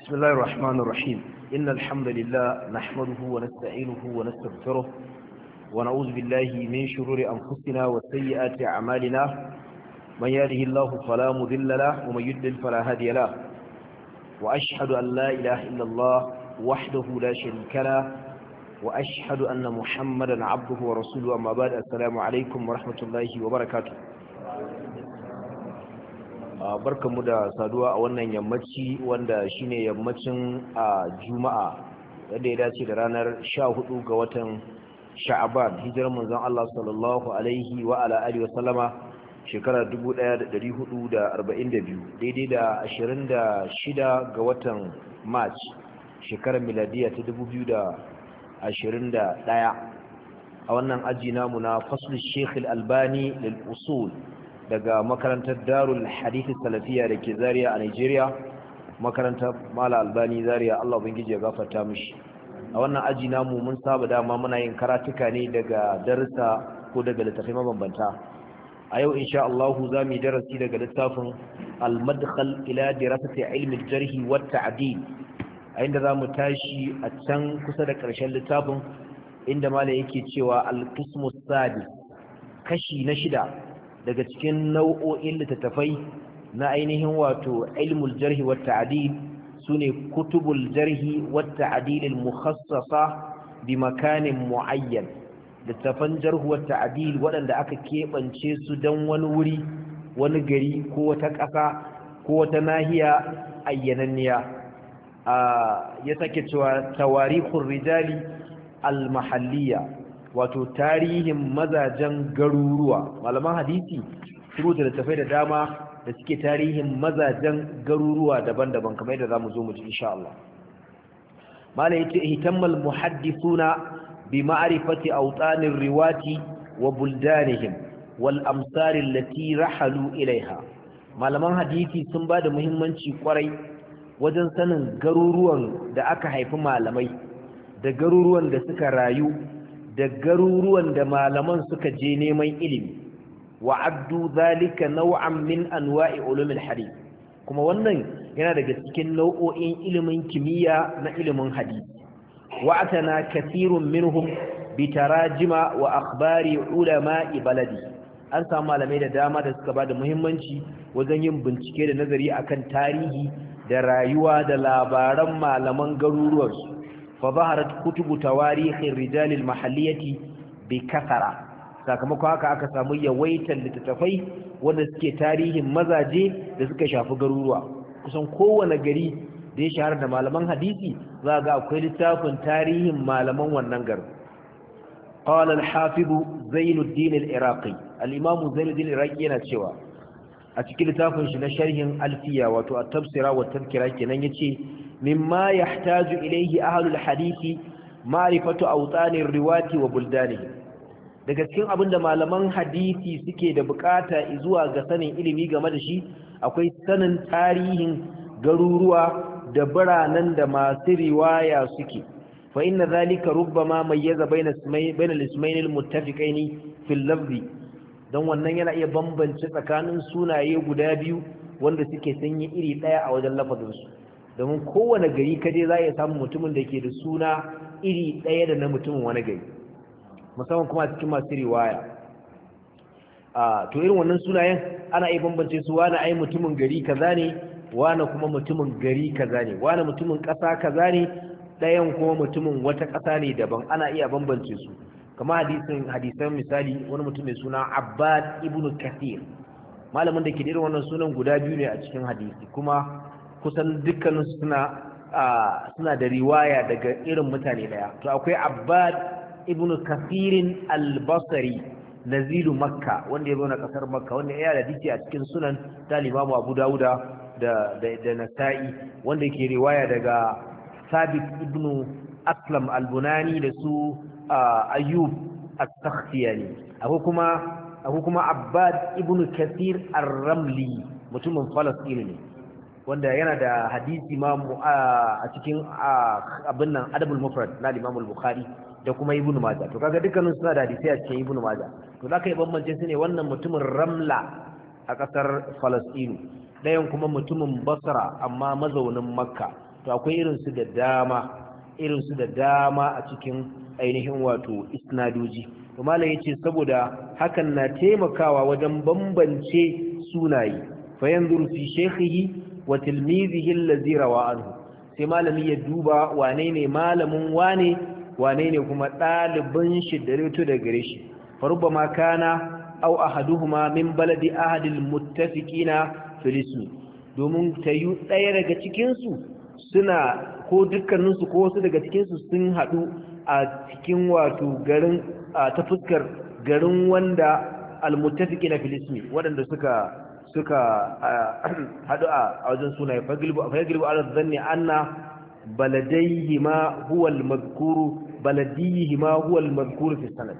بسم الله الرحمن الرحيم إن الحمد لله نحمده ونستعينه ونستغفره ونعوذ بالله من شرور أنفسنا وسيئات أعمالنا من يهده الله فلا مذل له ومن يدل فلا هادي له وأشهد أن لا إله إلا الله وحده لا شريك له وأشهد أن محمدا عبده ورسوله أما بعد السلام عليكم ورحمة الله وبركاته barkanmu da saduwa a wannan yammaci wanda shine yammacin a juma'a wanda ya dace da ranar 14 ga watan sha'aban hijirar manzon Allah sallallahu alaihi wa ala alihi sallama shekara 1442 daidai da 26 ga watan march shekarar miladiya ta 2021 a wannan aji namu na fasul sheikh al-albani lil usul daga makarantar darul hadisi salafiya da ke zariya a nigeria makarantar mala albani zariya allah ubangiji ya gafarta mishi a wannan aji namu mun saba dama muna yin karatuka ne daga darussa ko daga littattafai mabambanta a yau insha Allah za mu yi darasi daga littafin al-madkhal ila dirasati ilmi al-jarh wa tadil a inda za mu tashi a can kusa da ƙarshen littafin inda mala yake cewa al-qismu sadis kashi na shida daga cikin nau'o'in littattafai na ainihin wato ilmul jarhi wa ta'dil sune kutubul jarhi wa ta'dil al mukhassasa bi makanin muayyan littattafan jarhu wa ta'dil waɗanda aka keɓance su dan wani wuri wani gari ko wata ƙasa ko wata nahiya ayyananniya ah, ya sake cewa tawarikun rijali almahalliya wato tarihin mazajen garuruwa malaman hadisi su da tafai da dama da suke tarihin mazajen garuruwa daban-daban kamar yadda zamu zo mu ji insha Allah mala yace ihtammal muhaddisuna bi ma'rifati awtanir riwati wa buldanihim wal amsar allati rahalu ilaiha malaman hadisi sun ba da muhimmanci kwarai wajen sanin garuruwan da aka haifi malamai da garuruwan da suka rayu da garuruwan da malaman suka je neman ilimi wa addu zalika nau'an min anwa'i ulumil hadith kuma wannan yana daga cikin nau'o'in ilimin kimiyya na ilimin hadisi wa atana kathirun minhum bi tarajima wa akhbari ulama'i baladi an samu malamai da dama da suka ba da muhimmanci wajen yin bincike da nazari akan tarihi da rayuwa da labaran malaman garuruwarsu فظهرت كتب تواريخ الرجال المحلية بكثرة sakamakon haka aka samu yawaitar littattafai wanda suke tarihin mazaje da suka shafi garuruwa kusan kowane gari da ya shahara da malaman hadisi za ga akwai littafin tarihin malaman wannan garin qala al-hafiz Zainuddin al-Iraqi al-Imam Zainuddin al-Iraqi yana cewa a cikin littafin shi na sharhin Alfiya wato at-tafsira wa tadhkira kenan yace mimma ilaihi ilayhi ahlul hadisi ma'rifatu awtanir riwati wa daga cikin abin da malaman hadisi suke da bukata zuwa ga sanin ilimi game da shi akwai sanin tarihin garuruwa da biranen da masu riwaya suke fa inna zalika rubbama mayyaza baina bainal ismayn al muttafiqain fil lafzi dan wannan yana iya bambance tsakanin sunaye guda biyu wanda suke sanya iri daya a wajen lafazin su domin kowane gari kaje za a iya samun mutumin da ke da suna iri ɗaya da na mutumin wani gari musamman kuma cikin masu riwaya to irin wannan sunayen ana iya bambance su wani ai mutumin gari kaza ne wani kuma mutumin gari kaza ne wani mutumin ƙasa kaza ne ɗayan kuma mutumin wata ƙasa ne daban ana iya bambance su kama hadisin hadisan misali wani mutum mai suna abbad ibn kathir malamin da ke da irin wannan sunan guda biyu ne a cikin hadisi kuma kusan dukkan suna suna da riwaya daga irin mutane daya to akwai abbad ibnu kafirin al-basri nazilu makka wanda ya zauna na kasar makka wanda ya da a cikin sunan Talibabu abu dauda da da nasa'i wanda ke riwaya daga sabit ibnu aslam al-bunani da su Ayub al sakhtiyani akwai kuma kuma abbad ibnu kafir ar-ramli mutumin falastini ne wanda yana da hadisi ma a cikin abin nan adabul mufrad na Imam bukhari da kuma Ibn Majah to kaga dukkanin suna da hadisi a cikin Ibn Majah to zaka yi bambance su ne wannan mutumin Ramla a kasar Falastinu ɗayan kuma mutumin Basra amma mazaunin Makka to akwai irin su da dama irin su da dama a cikin ainihin wato isnadoji to malai yace saboda hakan na taimakawa wajen bambance sunaye fa yanzuru fi shaykhihi wa tilmizihi allazi rawa anhu sai malami ya duba wane ne malamin wane wane ne kuma ɗalibin shi da rito da gare shi farubba ma kana au ahaduhuma min baladi ahadil muttafiqina filismi domin ta yi ɗaya daga cikinsu suna ko dukkaninsu ko wasu daga cikinsu sun haɗu a cikin wato garin ta fuskar garin wanda almuttafiki na filismi waɗanda suka suka eh, haɗu a wajen sunaye fagilbu ala zanni anna baladaihi ma huwal madkuru baladihi ma huwal madkuru fi sanad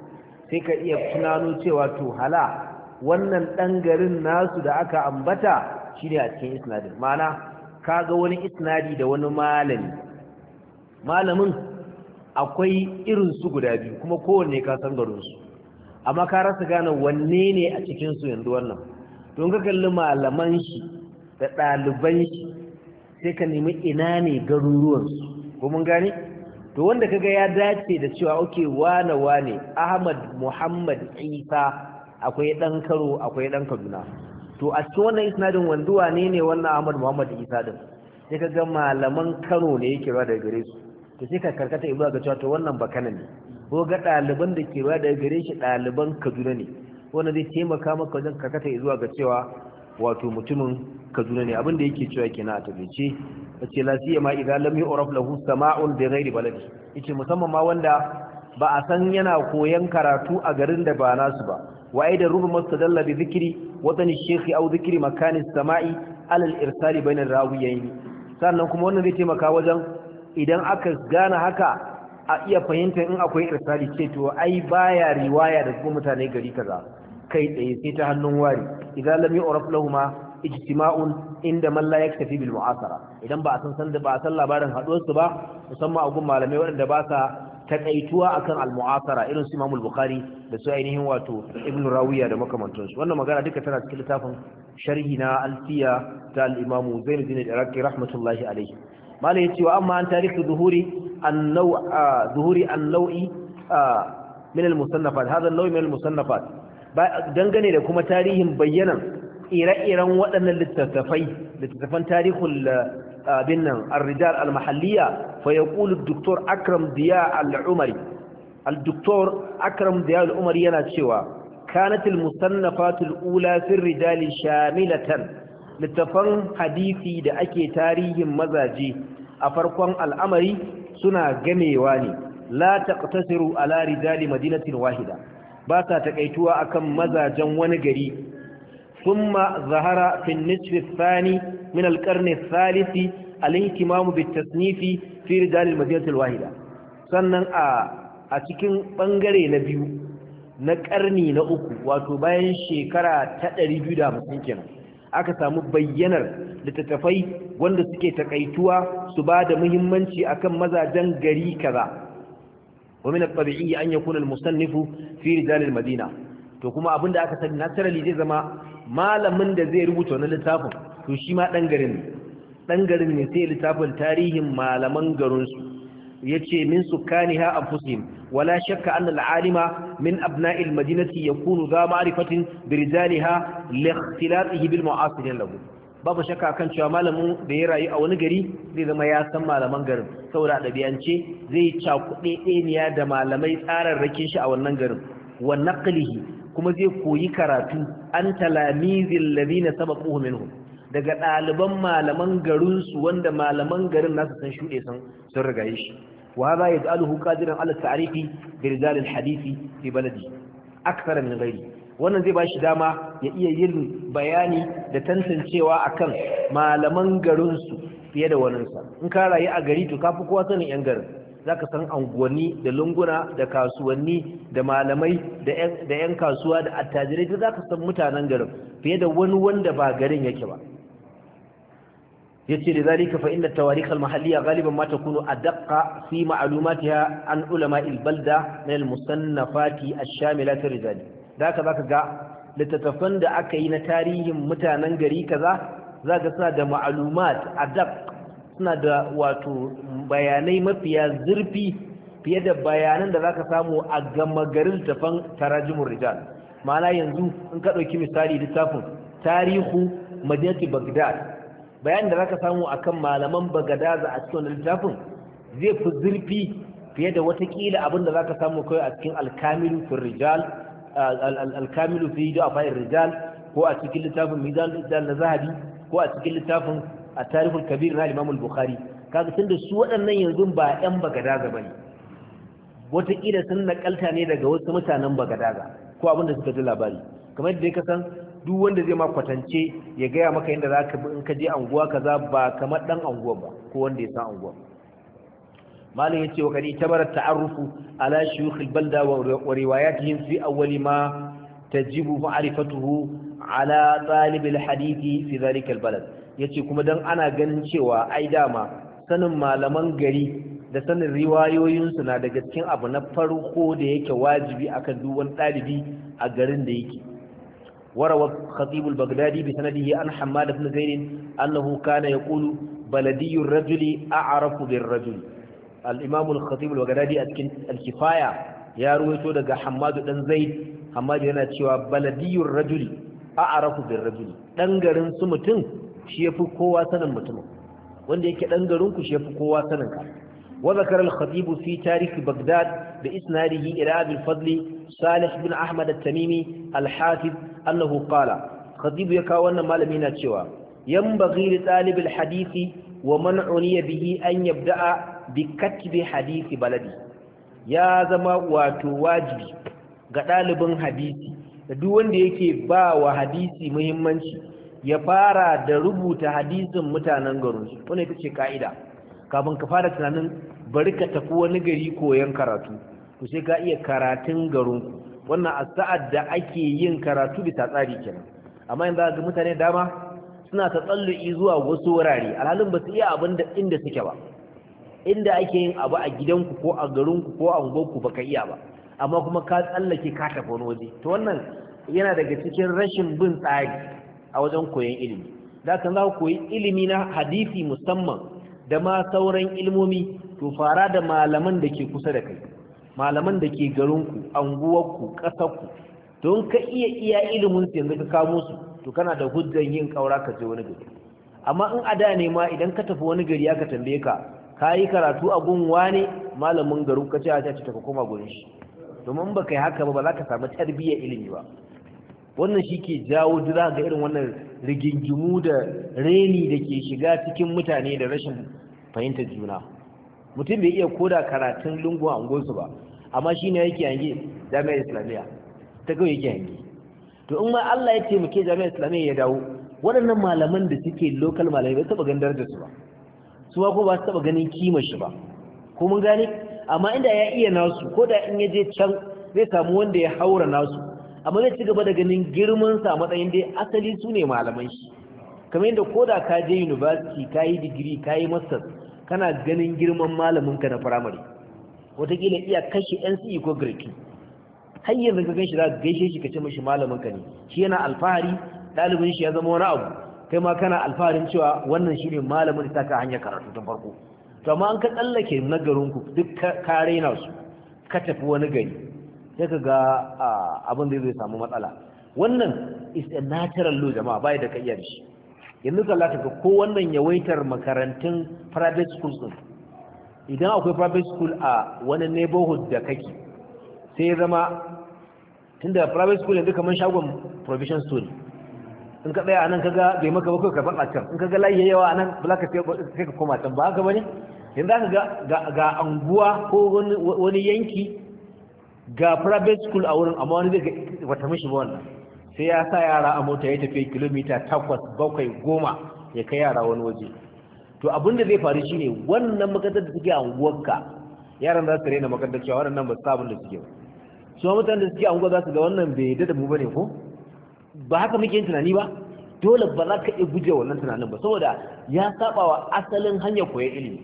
sai ka iya tunano cewa to hala wannan ɗan garin nasu da aka ambata shine a cikin isnadin ma'ana kaga wani isnadi da wani malami malamin akwai irin su guda biyu kuma kowanne ka san garin amma ka rasa gane wanne ne a cikinsu yanzu wannan don ga kalli malaman shi da ɗaliban shi sai ka nemi ina ne garuruwansu ko mun gane to wanda kaga ya dace da cewa oke wane wane ahmad muhammad isa akwai ɗan karo akwai ɗan kaduna to a cikin wannan isnadin wanduwa ne ne wannan ahmad muhammad isa din sai ka ga malaman karo ne yake rawa daga gare su to sai ka karkata ibuwa ga cewa to wannan bakana ne ko ga ɗaliban da ke rawa daga gare shi ɗaliban kaduna ne wanda zai taimaka maka wajen karkata zuwa ga cewa wato mutumin kaduna ne abinda yake cewa kenan a ce lasiya la siyama idan lam yu'raf lahu sama'un bi ghairi baladi ita musamman ma wanda ba a san yana koyan karatu a garin da ba nasu ba wa da rubu mustadalla bi wata ni shaykhi au zikiri, makanis sama'i alal irsali irsal bayna rawiyayn sannan kuma wannan zai taimaka wajen idan aka gane haka a iya fahimta in akwai irsali ce to ai baya riwaya da kuma mutane gari kaza kai tsaye sai ta hannun wari idan lam yu'raf lahumu ijtima'un inda man la yaktafi bil mu'asara idan ba a san san ba a san labarin haduwar su ba musamman a gun malamai waɗanda ba sa takaituwa akan al-mu'asara irin su Imam al-Bukhari da su ainihin wato Ibn Rawiya da makamantansu wannan magana duka tana cikin littafin sharhi na Alfiya ta al-Imam Zainuddin al-Iraqi rahmatullahi alayhi malai yace wa amma an tarihi zuhuri an-naw zuhuri an-nawi min al-musannafat hadha an-naw dangane da kuma tarihin bayyanan ire-iren waɗannan littattafai littattafan tarihul eh, abin nan rijal al-mahalliya fa yaqulu ad-doktor Akram Diya al-Umari al Akram Diya al-Umari yana cewa kanatil musannafatul ula fi ar shamilatan littattafan hadisi da ake tarihin mazaje a farkon al'amari suna gamewa ne la taqtasiru ala rijal madinatin wahida ba sa takaituwa akan mazajen wani gari thumma zahara fi nisfi thani min alqarni salisi al-ihtimam bitasnifi fi rijal al wahida sannan a a cikin bangare na biyu na karni na uku wato bayan shekara ta 250 kenan aka samu bayyanar littattafai wanda suke takaituwa su ba da muhimmanci akan mazajen gari kaza wa min at-tabi'i an yakuna al-musannifu fi al-madina to kuma abinda aka sani naturally zai zama malamin da zai rubuta wani littafin to shi ma dan garin dan garin ne sai littafin tarihin malaman garin su yace min sukkaniha anfusihim wala shakka anna al-alima min abna'il madinati yakunu za ma'rifatin bi rijaliha li ikhtilatihi bil mu'asirin lahu babu shakka kan cewa malamin da ya rayu a wani gari zai zama ya san malaman garin saboda ɗabi'ance zai cakuɗe ɗeniya da malamai tsararrakin shi a wannan garin wa naqlihi kuma zai koyi karatu an talamizil ladina sabaquhu minhum daga ɗaliban malaman garin su wanda malaman garin nasu san shuɗe sun sun rigaye shi wa hadha yaj'aluhu qadiran ala ta'rifi bi rijal al hadisi fi baladi akthar min ghairi wannan zai ba shi dama ya iya yin bayani da tantancewa a kan malaman garinsu fiye da waninsa in ka rayu a gari to kafi kowa sanin yan garin za ka san anguwanni da lunguna da kasuwanni da malamai da yan kasuwa da attajirai da za ka san mutanen garin fiye da wani wanda ba garin yake ba Ya ce da zari kafa inda tawarikar mahalliya galiban mata kuno a daƙa fi ma'alumatiya an ulama al na min Fati musannafati ash-shamilati rizali da haka ga littattafan da aka yi na tarihin mutanen gari kaza za ka suna da a dab suna da wato bayanai mafiya zurfi fiye da bayanan da za ka samu a gama garin littattafan tarajumur rijal ma'ana yanzu in ka ɗauki misali littafin tarihu madinati bagdad bayan da za ka samu a kan malaman bagdad a cikin littafin zai fi zurfi fiye da watakila abin da za ka samu kawai a cikin alkamilu rijal alkamilu fi da afa'ir rijal ko a cikin littafin mizan na zahabi ko a cikin littafin a tarihul kabir na imamul bukhari kaga tunda su waɗannan yanzu ba 'yan bagadaga ba ne wataƙila sun naƙalta ne daga wasu mutanen bagadaga ko abin da suka ji labari kamar yadda ka san duk wanda zai ma kwatance ya gaya maka yadda za ka bi in ka je anguwa kaza ba kamar ɗan anguwa ba ko wanda ya san anguwa malin yace wa kadi tabara ta'arrufu ala shuyukh al-balda wa riwayatihim fi awwal ma tajibu ma'rifatuhu ala talib al-hadith fi dhalika al-balad yace kuma dan ana ganin cewa ai dama sanin malaman gari da sanin riwayoyinsu na daga cikin abu na farko da yake wajibi akan duk wani dalibi a garin da yake bi خطيب البغدادي بسنده عن حماد بن kana أنه كان يقول rajuli a'rafu أعرف rajuli al-imam al-khatib a cikin alkifaya kifaya ya ruwaito daga hammadu dan zaid hammadu yana cewa baladiyur rajuli a'rafu bir rajuli dan garin su mutum shi yafi kowa sanin mutumin wanda yake dan garin ku shi yafi kowa sanin ka wa zakara al-khatib fi tarikh baghdad bi isnadihi ila abi al-fadl bin ahmad at-tamimi al-hafiz ya kawo wannan malami na cewa yanbaghi li talib hadisi wa man bihi an yabda'a bi katbi hadisi baladi ya zama wato wajibi ga ɗalibin hadisi da duk wanda yake ba wa hadisi muhimmanci ya fara da rubuta hadisin mutanen garinsu wani ita ce ka'ida kafin ka fara tunanin bari ka tafi wani gari koyon karatu to sai ka iya karatun garin ku wannan a sa'ad da ake yin karatu bisa tsari kenan amma yanzu ga mutane dama suna ta tsallu'i zuwa wasu wurare alhalin ba su iya abin da inda suke ba inda ake yin abu a gidanku ko a garinku ko a unguwarku ba ka iya ba amma kuma ka tsallake ka tafi wani waje to wannan yana daga cikin rashin bin tsari a wajen koyon ilimi da kan za ku koyi ilimi na hadisi musamman da ma sauran ilmomi to fara da malaman da ke kusa da kai malaman da ke garinku anguwarku ƙasarku don ka iya iya ilimin su yanzu ka kamo su to kana da hujjan yin ƙaura ka je wani gari amma in a da ne ma idan ka tafi wani gari aka tambaye ka ka yi karatu a gun ne malamin garu ka ce a ce ta koma gurin shi domin ba kai haka ba ba za ka samu tarbiyyar ilimi ba wannan shi ke jawo jira ga irin wannan rigingimu da reni da ke shiga cikin mutane da rashin fahimtar juna mutum bai iya koda karatun lungu a unguwarsu ba amma shi ne yake yange jami'ar islamiyya ta kawai yake yange to in ma Allah ya taimake jami'ar islamiyya ya dawo waɗannan malaman da suke local malamai ba su taɓa gandar da su ba su ko ba su taba ganin kima shi ba ko mun gane amma inda ya iya nasu ko da in ya je can zai samu wanda ya haura nasu amma zai ci gaba da ganin girman sa matsayin dai asali sune ne malaman shi kamar yadda ko da ka je university ka yi digiri ka yi masters kana ganin girman malamin ka na firamare wataƙila iya kashe nce ko grade har yanzu ka ganshi za ka gaishe shi ka ce mashi malamin ka ne shi yana alfahari ɗalibin shi ya zama wani abu kai ma kana alfaharin cewa wannan shi ne malamin da taka hanya karatu tun farko to an ka tsallake nagarinku ku duk ka raina su ka tafi wani gari sai ka ga abin da zai samu matsala wannan is a natural law jama'a bai da ka iya shi yanzu ka lati ga ko wannan yawaitar makarantun private schools din idan akwai private school a wani neighborhood da kake sai ya zama tunda private school yanzu kamar shagon provision store in ka tsaya nan kaga bai maka bakwai ka faɗa can in kaga layi yawa anan ba za ka sai ka koma can ba haka bane za ka ga ga anguwa ko wani yanki ga private school a wurin amma wani zai wata mishi ba wannan sai ya sa yara a mota ya tafi kilomita takwas bakwai goma ya kai yara wani waje to abin da zai faru shine wannan makarantar da suke ka, yaran za su rena makarantar cewa waɗannan ba su abin da suke ba su mutanen da suke anguwa za su ga wannan bai daɗa da mu bane ko ba haka muke yin tunani ba dole ba za ka iya guje wannan tunanin ba saboda ya saba wa asalin hanyar koyon ilimi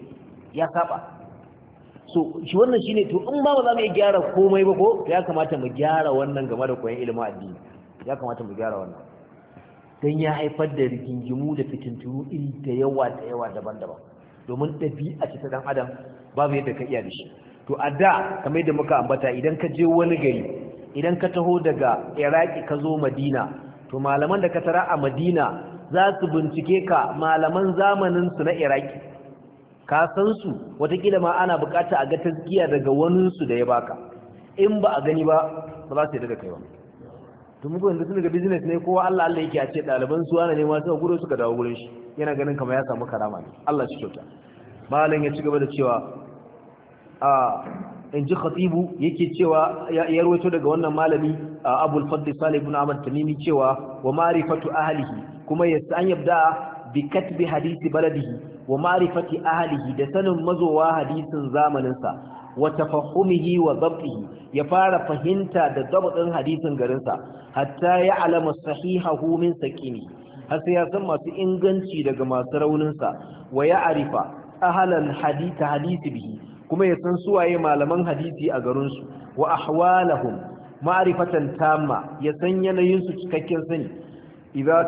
ya saba so shi wannan shine to in ba ba za mu iya gyara komai ba ko ya kamata mu gyara wannan game da koyon ilimin addini ya kamata mu gyara wannan dan ya haifar da rigingimu da fitintunu iri da yawa da yawa daban-daban domin ɗabi'a ce ta dan adam babu yadda ka iya da shi to a da kamar yadda muka ambata idan ka je wani gari idan ka taho daga iraki ka zo madina to malaman da ka tara a madina za su bincike ka malaman zamaninsu na iraki ka san su watakila ma ana bukata a ga taskiya daga waninsu da ya baka in ba a gani ba ba za su yi daga kai ba to muku yanzu tun daga business ne kowa Allah Allah yake a ce ɗaliban su wani ne ma suka gudu suka dawo gurin shi yana ganin kamar ya samu karama ne Allah shi kyauta malam ya ci gaba da cewa a ah, in ji khatibu yake cewa ya rawaito daga wannan malami abul fadli salih ibn ahmad tamimi cewa wa ma'rifatu ahlihi kuma ya san yabda bi katbi hadisi baladihi wa ma'rifati ahlihi da sanin mazowa hadisin zamaninsa, wa tafahumihi wa dhabtihi ya fara fahimta da dabtin hadisin garinsa, hatta ya alama sahihahu min sakini har sai ya san masu inganci daga masu rauninsa, wa ya arifa ahalan hadita hadisi bihi kuma ya san suwaye malaman hadisi a garinsu wa ahwalahum ma'rifatan tamma ya san yanayinsu cikakken sani idza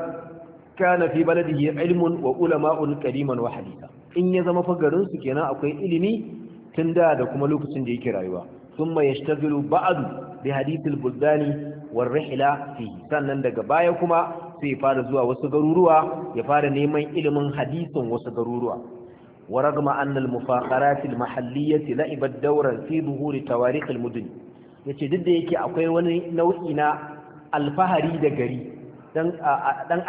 kana fi baladihi ilmun wa ulama'un qadiman wa hadisa in ya zama fa garinsu kenan akwai ilimi tun da da kuma lokacin da yake rayuwa thumma yashtaghilu ba'd bi hadithil buldani war rihla fi sannan daga baya kuma sai fara zuwa wasu garuruwa ya fara neman ilimin hadisin wasu garuruwa ورغم أن المفاخرات المحلية لعبت دورا في ظهور تواريخ المدن yace duk da yake akwai wani nau'i na alfahari da gari dan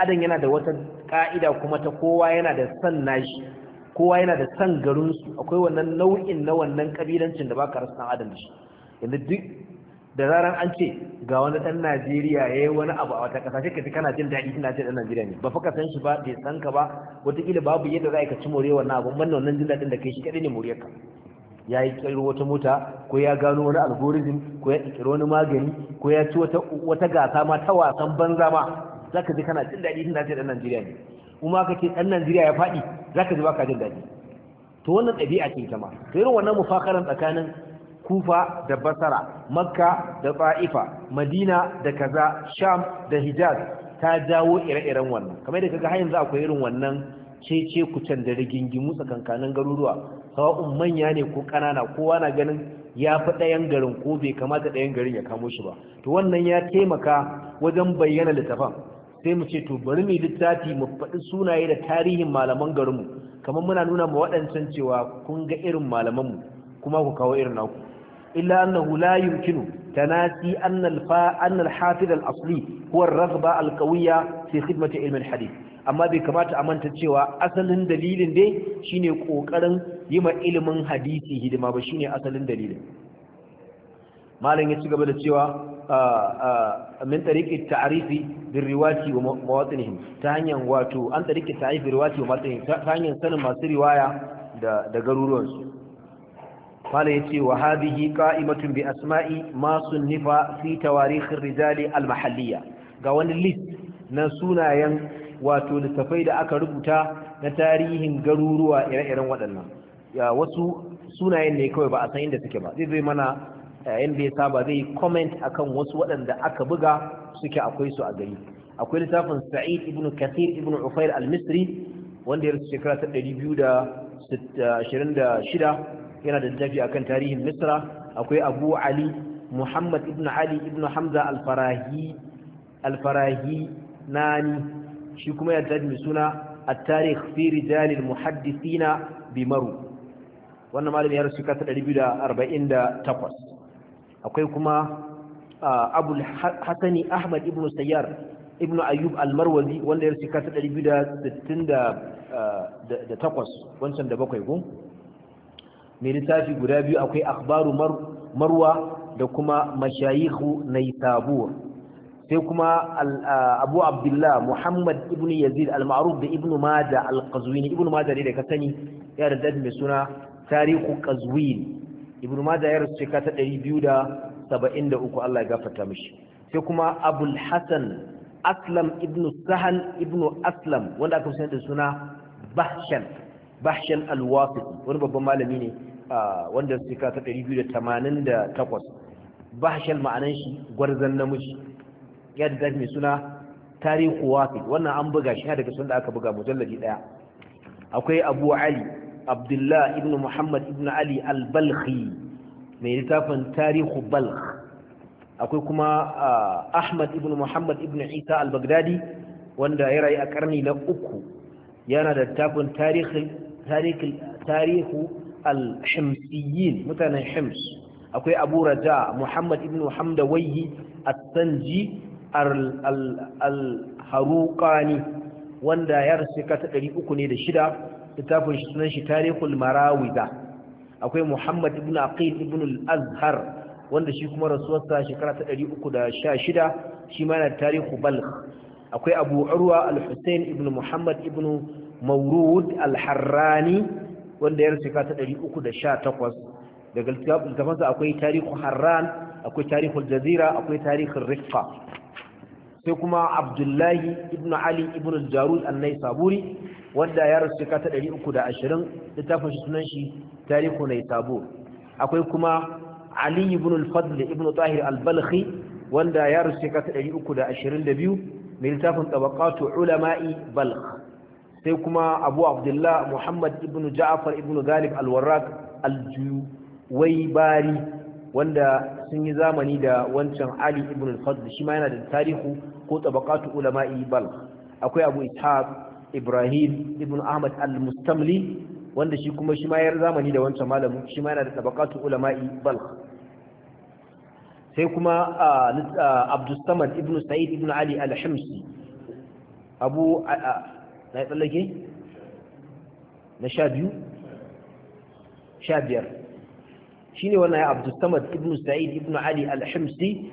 adam yana da wata ka'ida kuma ta kowa yana da san nashi kowa yana da san garinsu akwai wannan nau'in na wannan kabilancin da baka rasa adam da shi yanzu duk da zaran an ce ga wani dan Najeriya ya yi wani abu a wata kasa sai kana jin daɗi kana jin daɗin Najeriya ne ba fa ka san shi ba bai san ka ba wataƙila babu yadda za ka ci more wannan abun ban wannan jin daɗin da kai shi kadai ne ka ya yi ƙirƙiro wata mota ko ya gano wani algorithm ko ya ƙirƙiro wani magani ko ya ci wata gasa ma ta wasan banza ma za ka ji kana jin daɗi kana jin daɗin ɗan Najeriya ne kuma ka ce ɗan Najeriya ya faɗi za ka ji ba ka jin daɗi to wannan ɗabi'a ce ita ma to irin wannan mufakaran tsakanin kufa da basara makka da ta'ifa madina da kaza sham da hijaz ta jawo ire-iren wannan kamar da kaga har yanzu akwai irin wannan cece kucan da rigingimu tsakankanin garuruwa sawa'un manya ne ko ƙanana kowa na ganin ya fi ɗayan garin ko bai kamata ɗayan garin ya kamo shi ba to wannan ya taimaka wajen bayyana littafan sai mu ce to bari mu littafi mu faɗi sunaye da tarihin malaman garinmu kamar muna nuna ma waɗancan cewa kun ga irin malamanmu kuma ku kawo irin naku illa annahu la yumkinu tanasi anna al-fa anna al-hafiz al-asli huwa ar-raghba al-qawiyya fi khidmati hadith amma bai kamata a manta cewa asalin dalilin dai shine kokarin yi ma ilimin hadisi hidima ba shine asalin dalilin malam ya ci gaba da cewa min tariki ta'rifi bir riwati wa mawatinihim ta hanyar wato an tariki ta'rifi riwati wa mawatinihim ta hanyar sanin masu riwaya da garuruwan. garuruwansu kwale ya ce wa hadihi ka'imatun bi asma'i masu nifa fi tawarikhin rizali al-mahalliya ga wani list na sunayen wato littafai da aka rubuta na tarihin garuruwa ire-iren waɗannan wasu sunayen ne kawai ba a san inda suke ba zai zai mana eh, yan da ya saba zai comment akan wasu waɗanda aka buga suke akwai su a gari akwai littafin sa'id ibn kathir ibn ufair al-misri wanda ya rasu shekara ta 226 yana da littafi akan tarihin misra akwai abu ali muhammad ibn ali ibn hamza al-farahi al-farahi nani shi kuma ya tafi suna at-tarikh fi rijal al-muhaddithina bi maru wannan malami ya rasu kasa 248 akwai kuma abu hasani ahmad ibn sayyar ibn ayyub al-marwazi wanda ya rasu kasa 268 wancan da bakwai gun mai littafi guda biyu akwai akbaru marwa da kuma mashayikhu naitabur sai kuma abu abdullah muhammad ibn yazid al-ma'ruf da ibn mada al-qazwini ibn mada ne da ka sani ya da mai suna tarihu qazwini ibn mada ya rasu shekara ta uku Allah ya gafarta mishi sai kuma abul hasan aslam ibn sahal ibn aslam wanda aka fi da suna bahshan bahshan al-wasiti wani babban malami ne wanda suka ta 288 bahshal ma'anan shi gwarzan namiji ya da mai suna tarihu wafi wannan an buga shi daga sun da aka buga mujalladi daya akwai abu ali abdullah ibn muhammad ibn ali al-balkhi mai littafin tarihu balkh akwai kuma ahmad ibn muhammad ibn isa al-baghdadi wanda ya rayu a karni na uku yana da littafin tarihu al-himsiyin mutanen hims akwai abu raja muhammad ibn hamda at-tanji al-haruqani wanda ya rasu ka ta 300 ne da shida littafin shi sunan shi tarihul marawida akwai muhammad ibn aqil ibn al-azhar wanda shi kuma rasuwarsa shekara ta 316 shi ma yana tarihu balkh akwai abu urwa al-husayn ibn muhammad ibn mawrud al-harrani wanda ya rasu ta 318 daga littafansa akwai tarihu harran akwai tarihul jazira akwai tarihin rifka sai kuma abdullahi ibn ali ibn jarud annai saburi wanda ya rasu ta 320 littafin shi sunan shi tarihu nai sabur akwai kuma ali ibn al-fadl ibn tahir al-balkhi wanda ya rasu ta 322 mai littafin tabaqatu ulama'i balkh sai kuma abu abdullah muhammad ibn ja'far ibn galib al-warraq al-juwaybari wanda sun yi zamani da wancan ali ibn al-fadl shi ma yana da tarihu ko tabaqatu ulama'i bal akwai abu ishaq ibrahim ibn ahmad al-mustamli wanda shi kuma shi ma yar zamani da wancan malamin shi ma yana da tabaqatu ulama'i bal sai kuma abdus samad ibn sa'id ibn ali al-hamsi abu na tsallake na sha biyu sha biyar shi ne wannan ya ibn sa'id ibn ali al-himsi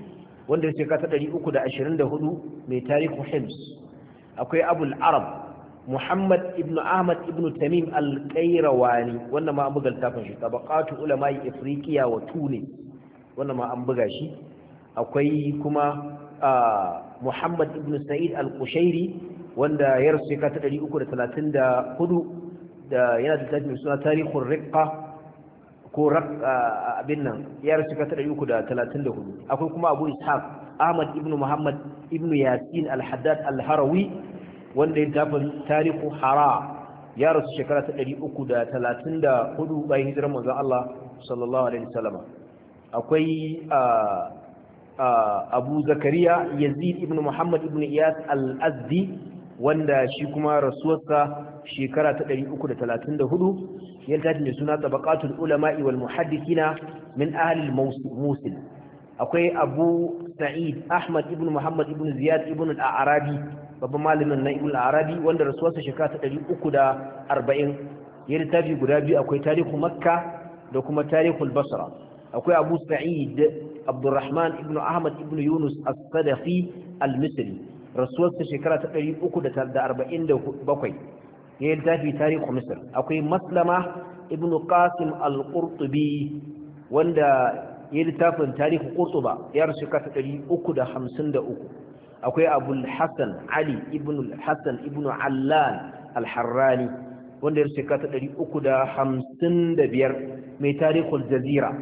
wanda ya kasa 324 mai tarihin hims akwai abul arab muhammad ibn ahmad ibn tamim al kairawani wannan ma an buga littafin shi tabaqatu ulama afriqiya wa tunis wannan ma an buga shi akwai kuma ah, muhammad ibn sa'id al-qushairi wanda ya rasu shekara ta ɗari uku da talatin da hudu da yana da tafi mai suna tarihin riƙa ko abin nan ya rasu shekara ta ɗari uku da talatin da hudu akwai kuma abu ishaq ahmad ibn muhammad ibn yasin al-haddad al-harawi wanda ya tafi tarihu hara ya rasu shekara ta ɗari uku da talatin da hudu bayan hijirar manzon Allah sallallahu alaihi wasallam akwai abu zakariya yazid ibn muhammad ibn iyas al-azdi wanda shi kuma rasuwarsa shekara ta 334 ya tafi mai suna tabaqatul ulama'i wal muhaddithina min ahli al-musil akwai abu sa'id ahmad ibn muhammad ibn ziyad ibn al-arabi babban malamin na ibn al-arabi wanda rasuwarsa shekara ta 340 ya littafi guda biyu akwai tarihu makka da kuma tarihul basra akwai abu sa'id abdurrahman ibn ahmad ibn yunus as-sadafi al-misri rasuwarsa shekara ta 347 ya yi littafi tarihu misir akwai maslama ibn qasim al-qurtubi wanda ya yi littafin tarihu qurtuba ya rasu shekara ta 353 akwai abul hassan ali ibn hassan ibn allan al-harrani wanda ya rasu shekara ta 355 mai tarihul jazira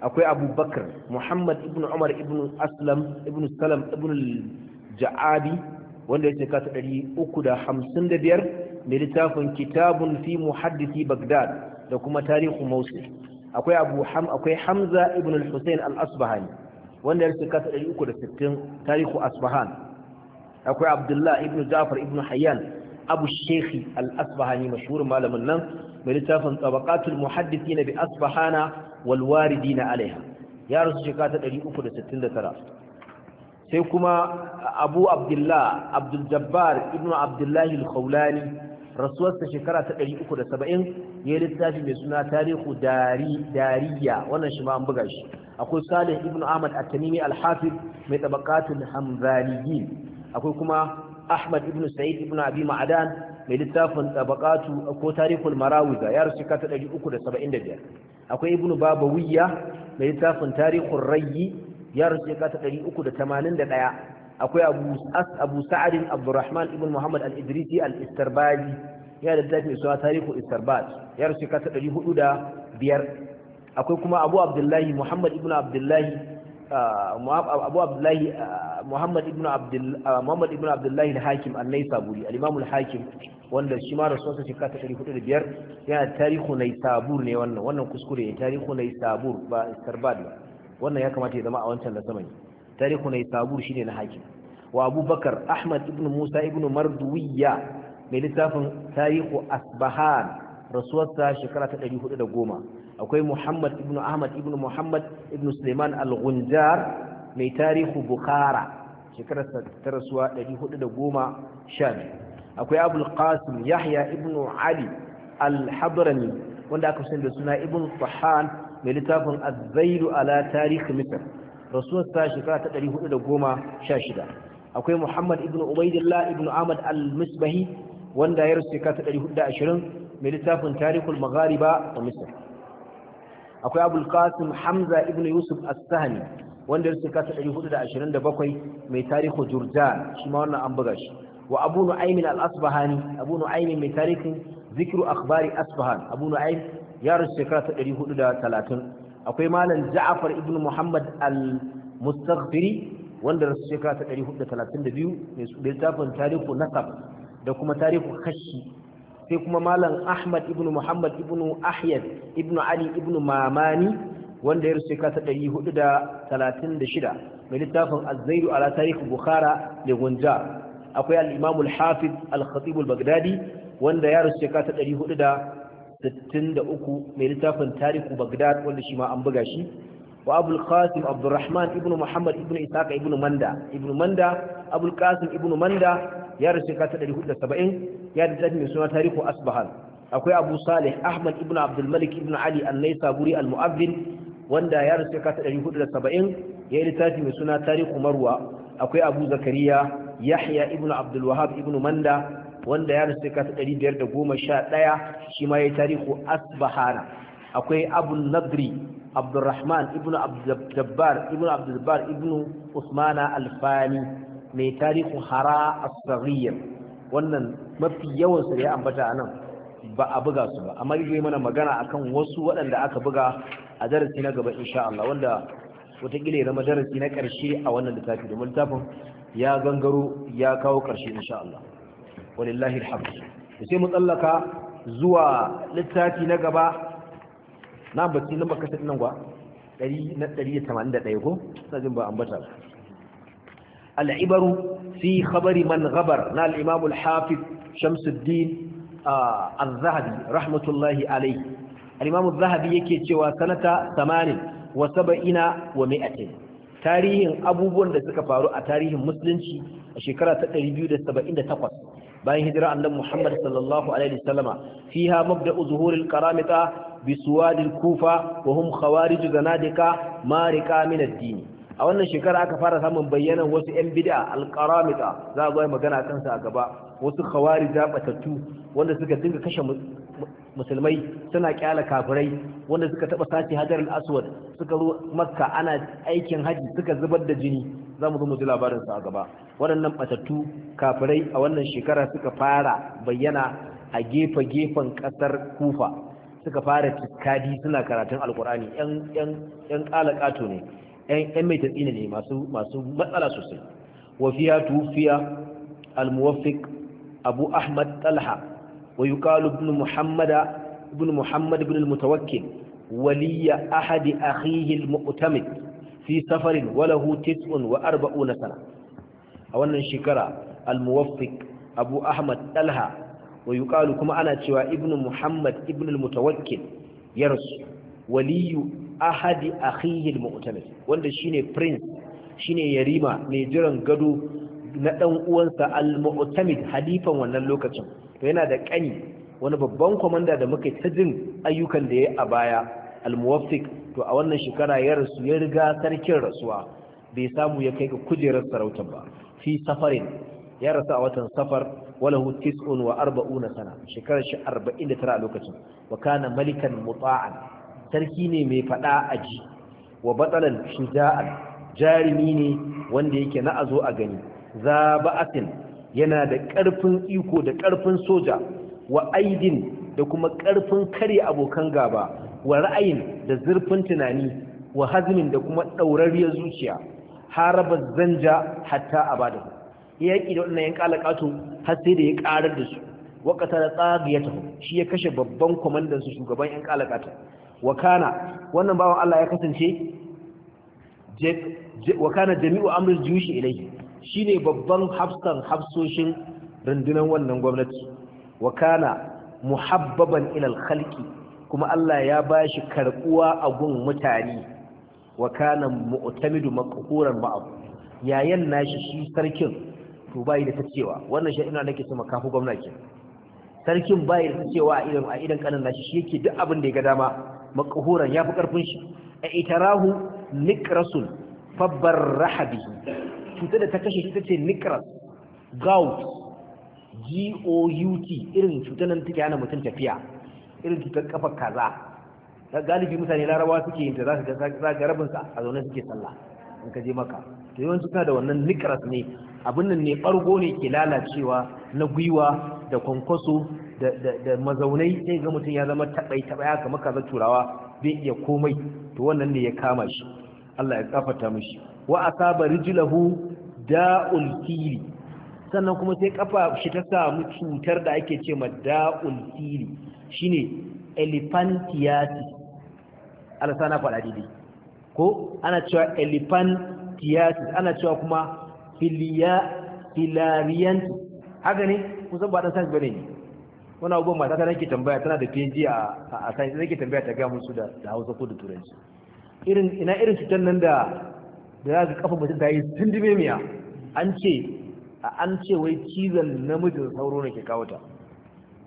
akwai abubakar muhammad ibn umar ibn aslam ibn salam ibn ja'abi wanda ya da biyar mai littafin kitabun fi muhaddisi bagdad da kuma tarihu mosul akwai abu ham akwai hamza ibn al-husayn al-asbahani wanda ya shekata 360 tarihu asbahan akwai abdullah ibn ja'far ibn hayyan abu shekhi al-asbahani mashhurin malamin nan mai littafin tabaqatul muhaddithina bi asbahana wal waridina alaiha ya rasu da tara. sai kuma abu abdullah abdul ibn abdullahi al-khawlani rasuwarsa shekara ta 370 ya yi littafi mai suna tarihu dariya wannan shi ma an buga shi akwai salih ibn ahmad at-tamimi al-hafiz mai tabaqatul hamzaniyyin akwai kuma ahmad ibn sa'id ibn abi ma'adan mai littafin tabaqatu ko tarihul marawiza ya rasu shekara ta 375 akwai ibn babawiyya mai littafin tarihul rayyi ya rasu ya kata 381 akwai abu as abu sa'adin abdurrahman ibn muhammad al-idrisi al-istarbadi ya da zafi suwa tarihu istarbad ya rasu ya kata biyar akwai kuma abu abdullahi muhammad ibn abdullahi abu abdullahi muhammad ibn abdullahi muhammad ibn abdullahi al-hakim an-naisaburi al-imam al-hakim wanda shi ma rasuwarsa shekara ta ɗari hudu da biyar yana tarihu na isabur ne wannan wannan kuskure ne tarihu na isabur ba istarbad ba wannan ya kamata ya zama a wancan na sama ne tarihu ne sabur shine na hakim wa abubakar ahmad ibn musa ibn marduwiya mai littafin tarihu asbahan rasuwarsa shekara ta 410 akwai muhammad ibn ahmad ibn muhammad ibn suleiman al-gunjar mai tarihu bukhara shekara ta rasuwa 410 akwai abul qasim yahya ibn ali al wanda aka sani da suna ibn fahan mai littafin azzairu ala tarihi misir rasuwar ta shekara ta 416 akwai muhammad ibn ubaidillah ibn ahmad al-misbahi wanda ya rasu shekara ta 420 mai littafin tarihul maghariba ta misir akwai abul qasim hamza ibn yusuf as-sahani wanda ya rasu shekara ta 427 mai tarihu jurjan shi ma wannan an buga shi wa abu nu'aymin al-asbahani abu nu'aymin mai tarihin zikru akhbari asbahan abu nu'aym ya rasu shekara ta ɗari da talatin akwai malam Ja'far ibn Muhammad al-Mustaghfiri wanda rasu shekara ta ɗari da da talatin biyu mai su littafin tarihu nasab da kuma tarihu kashi sai kuma malam Ahmad ibn Muhammad ibn Ahyad ibn Ali ibn Mamani wanda ya rasu shekara ta ɗari da da talatin shida mai littafin azzairu ala tarihu Bukhara da Gunja akwai al-Imam hafiz al-Khatib al-Baghdadi wanda ya rasu shekara ta ɗari da. 63 mai littafin tariku bagdad wanda shi ma an buga shi wa abul qasim abdurrahman ibnu muhammad ibnu Isaka, ibnu manda ibnu manda abul qasim ibnu manda ya rasu ka ta 470 ya da tafi mai suna tariku asbahan akwai abu salih ahmad ibnu abdul malik ibnu ali an-naisaburi al-mu'azzin wanda ya rasu ka ta 470 ya yi littafi mai suna tariku marwa akwai abu zakariya yahya ibnu abdul wahab ibnu manda wanda ya rasu kasa ɗari biyar da goma sha ɗaya shi ma ya tarihu asbahana akwai abu nadri abdurrahman ibnu abdulbar ibnu abdulbar ibnu usmana alfani mai tarihu hara asariya wannan mafi yawan su da ya ambata a nan ba a buga su ba amma yi mana magana akan wasu waɗanda aka buga a darasi na gaba insha Allah wanda wataƙila ya zama darasi na ƙarshe a wannan littafi domin littafin ya gangaro ya kawo ƙarshe insha Allah walillahi alhamd sai mu tsallaka zuwa littafi na gaba na bacci lambar kasar nan gwa 181 ko sajin ba ambata Al-Ibaru fi khabari man ghabar na al al'imamu al-hafiz shamsuddin al-zahabi rahmatullahi al alai al zahabi yake cewa sanata 80 wa 70 wa 100 tarihin abubuwan da suka faru a tarihin musulunci a shekara ta 278 bayan hijira annabi Muhammad sallallahu alaihi wasallama fiha mabda'u zuhuril qaramita bi suwadil kufa wa hum khawarij zanadika marika min ad-din a wannan shekara aka fara samun bayyanan wasu yan bid'a al za a zo magana kansa a gaba wasu khawarij batattu wanda suka dinga kashe musulmai suna kyala kafirai wanda suka taba sace al aswad suka zo makka ana aikin haji suka zubar da jini za mu zo mu ji labarin sa a gaba waɗannan batattu kafirai a wannan shekara suka fara bayyana a gefe gefen ƙasar kufa suka fara tikadi suna karatun alkur'ani yan yan yan kalakato ne yan yan mai tatsina ne masu masu matsala sosai wa fiya tufiya al-muwaffiq abu ahmad talha ويقال ابن محمد ابن محمد بن المتوكل ولي أحد أخيه المؤتمد في سفر وله تسع وأربعون سنة أولا شكرا الموفق أبو أحمد تلها ويقال كما أنا تشوى ابن محمد ابن المتوكل يرس ولي أحد أخيه المؤتمد وانده شيني برنس shine yarima mai jiran gado na ɗan uwansa al-mu'tamid halifan wannan lokacin to yana da ƙani. wani babban komanda da muka ta jin ayyukan da ya a baya al-muwaffiq to a wannan shekara ya rasu ya riga sarkin rasuwa bai samu ya kai ga kujerar sarautar ba fi safarin ya rasu a watan safar walahu tis'un wa arba'una sana shekarar shi 49 a lokacin wa kana malikan muta'an sarki ne mai fada aji wa batsalan shuja'an jarumi ne wanda yake na azo a gani za yana da ƙarfin iko da ƙarfin soja wa aidin da kuma ƙarfin kare abokan gaba wa ra'ayin da zurfin tunani wa hazmin da kuma ɗaurariyar zuciya haraba zanja hatta abada ya yaƙi da wannan yan ƙalaƙato har sai da ya ƙarar da su waƙata da tsagiyata shi ya kashe babban kwamandan su shugaban yan ƙalaƙato wa kana wannan bawan Allah ya kasance wa kana jami'u amrul jushi ilayhi Shi ne babban hafsan hafsoshin rundunar wannan gwamnati wa kana muhabbaban ilal khalqi kuma Allah ya bashi karbuwa a gun mutane wa kana mu'tamidu maqhuran ba'd yayan nashi shi sarkin to bai da tacewa wannan shi ina nake so makafu gwamnati sarkin bai da tacewa a idan a idan kanan nashi shi yake duk abin da ya ga dama maqhuran yafi karfin shi a itarahu nikrasul fabbar rahabihi cutar da ta kashe shi ce micras gout G-O-U-T irin cutar nan take hana mutum tafiya irin cutar kafar kaza ta galibi mutane larabawa suke yin ta za ka ga rabin sa a zaune suke sallah in ka je maka to yawanci suna da wannan nikras ne abin nan ne bargo ne ke lalacewa na gwiwa da kwankwaso da mazaunai sai ga mutum ya zama tabai tabai haka maka za turawa bai iya komai to wannan ne ya kama shi Allah ya kafata mishi wa asaba rijlahu da'ul fili sannan kuma sai kafa shi ta samu cutar da ake ce ma da'ul fili shine elephantiasis alasa na faɗa daidai ko ana cewa elephantiasis ana cewa kuma filia filariantis haka ne kusan ba ɗan science bane ne wani abubuwan mata ta nake tambaya tana da PhD a science nake tambaya ta ga musu da Hausa ko da Turanci irin ina irin cutar nan da da ya ga kafa mutum ta yi tundime miya an ce an ce wai cizon namijin sauro ne ke kawo ta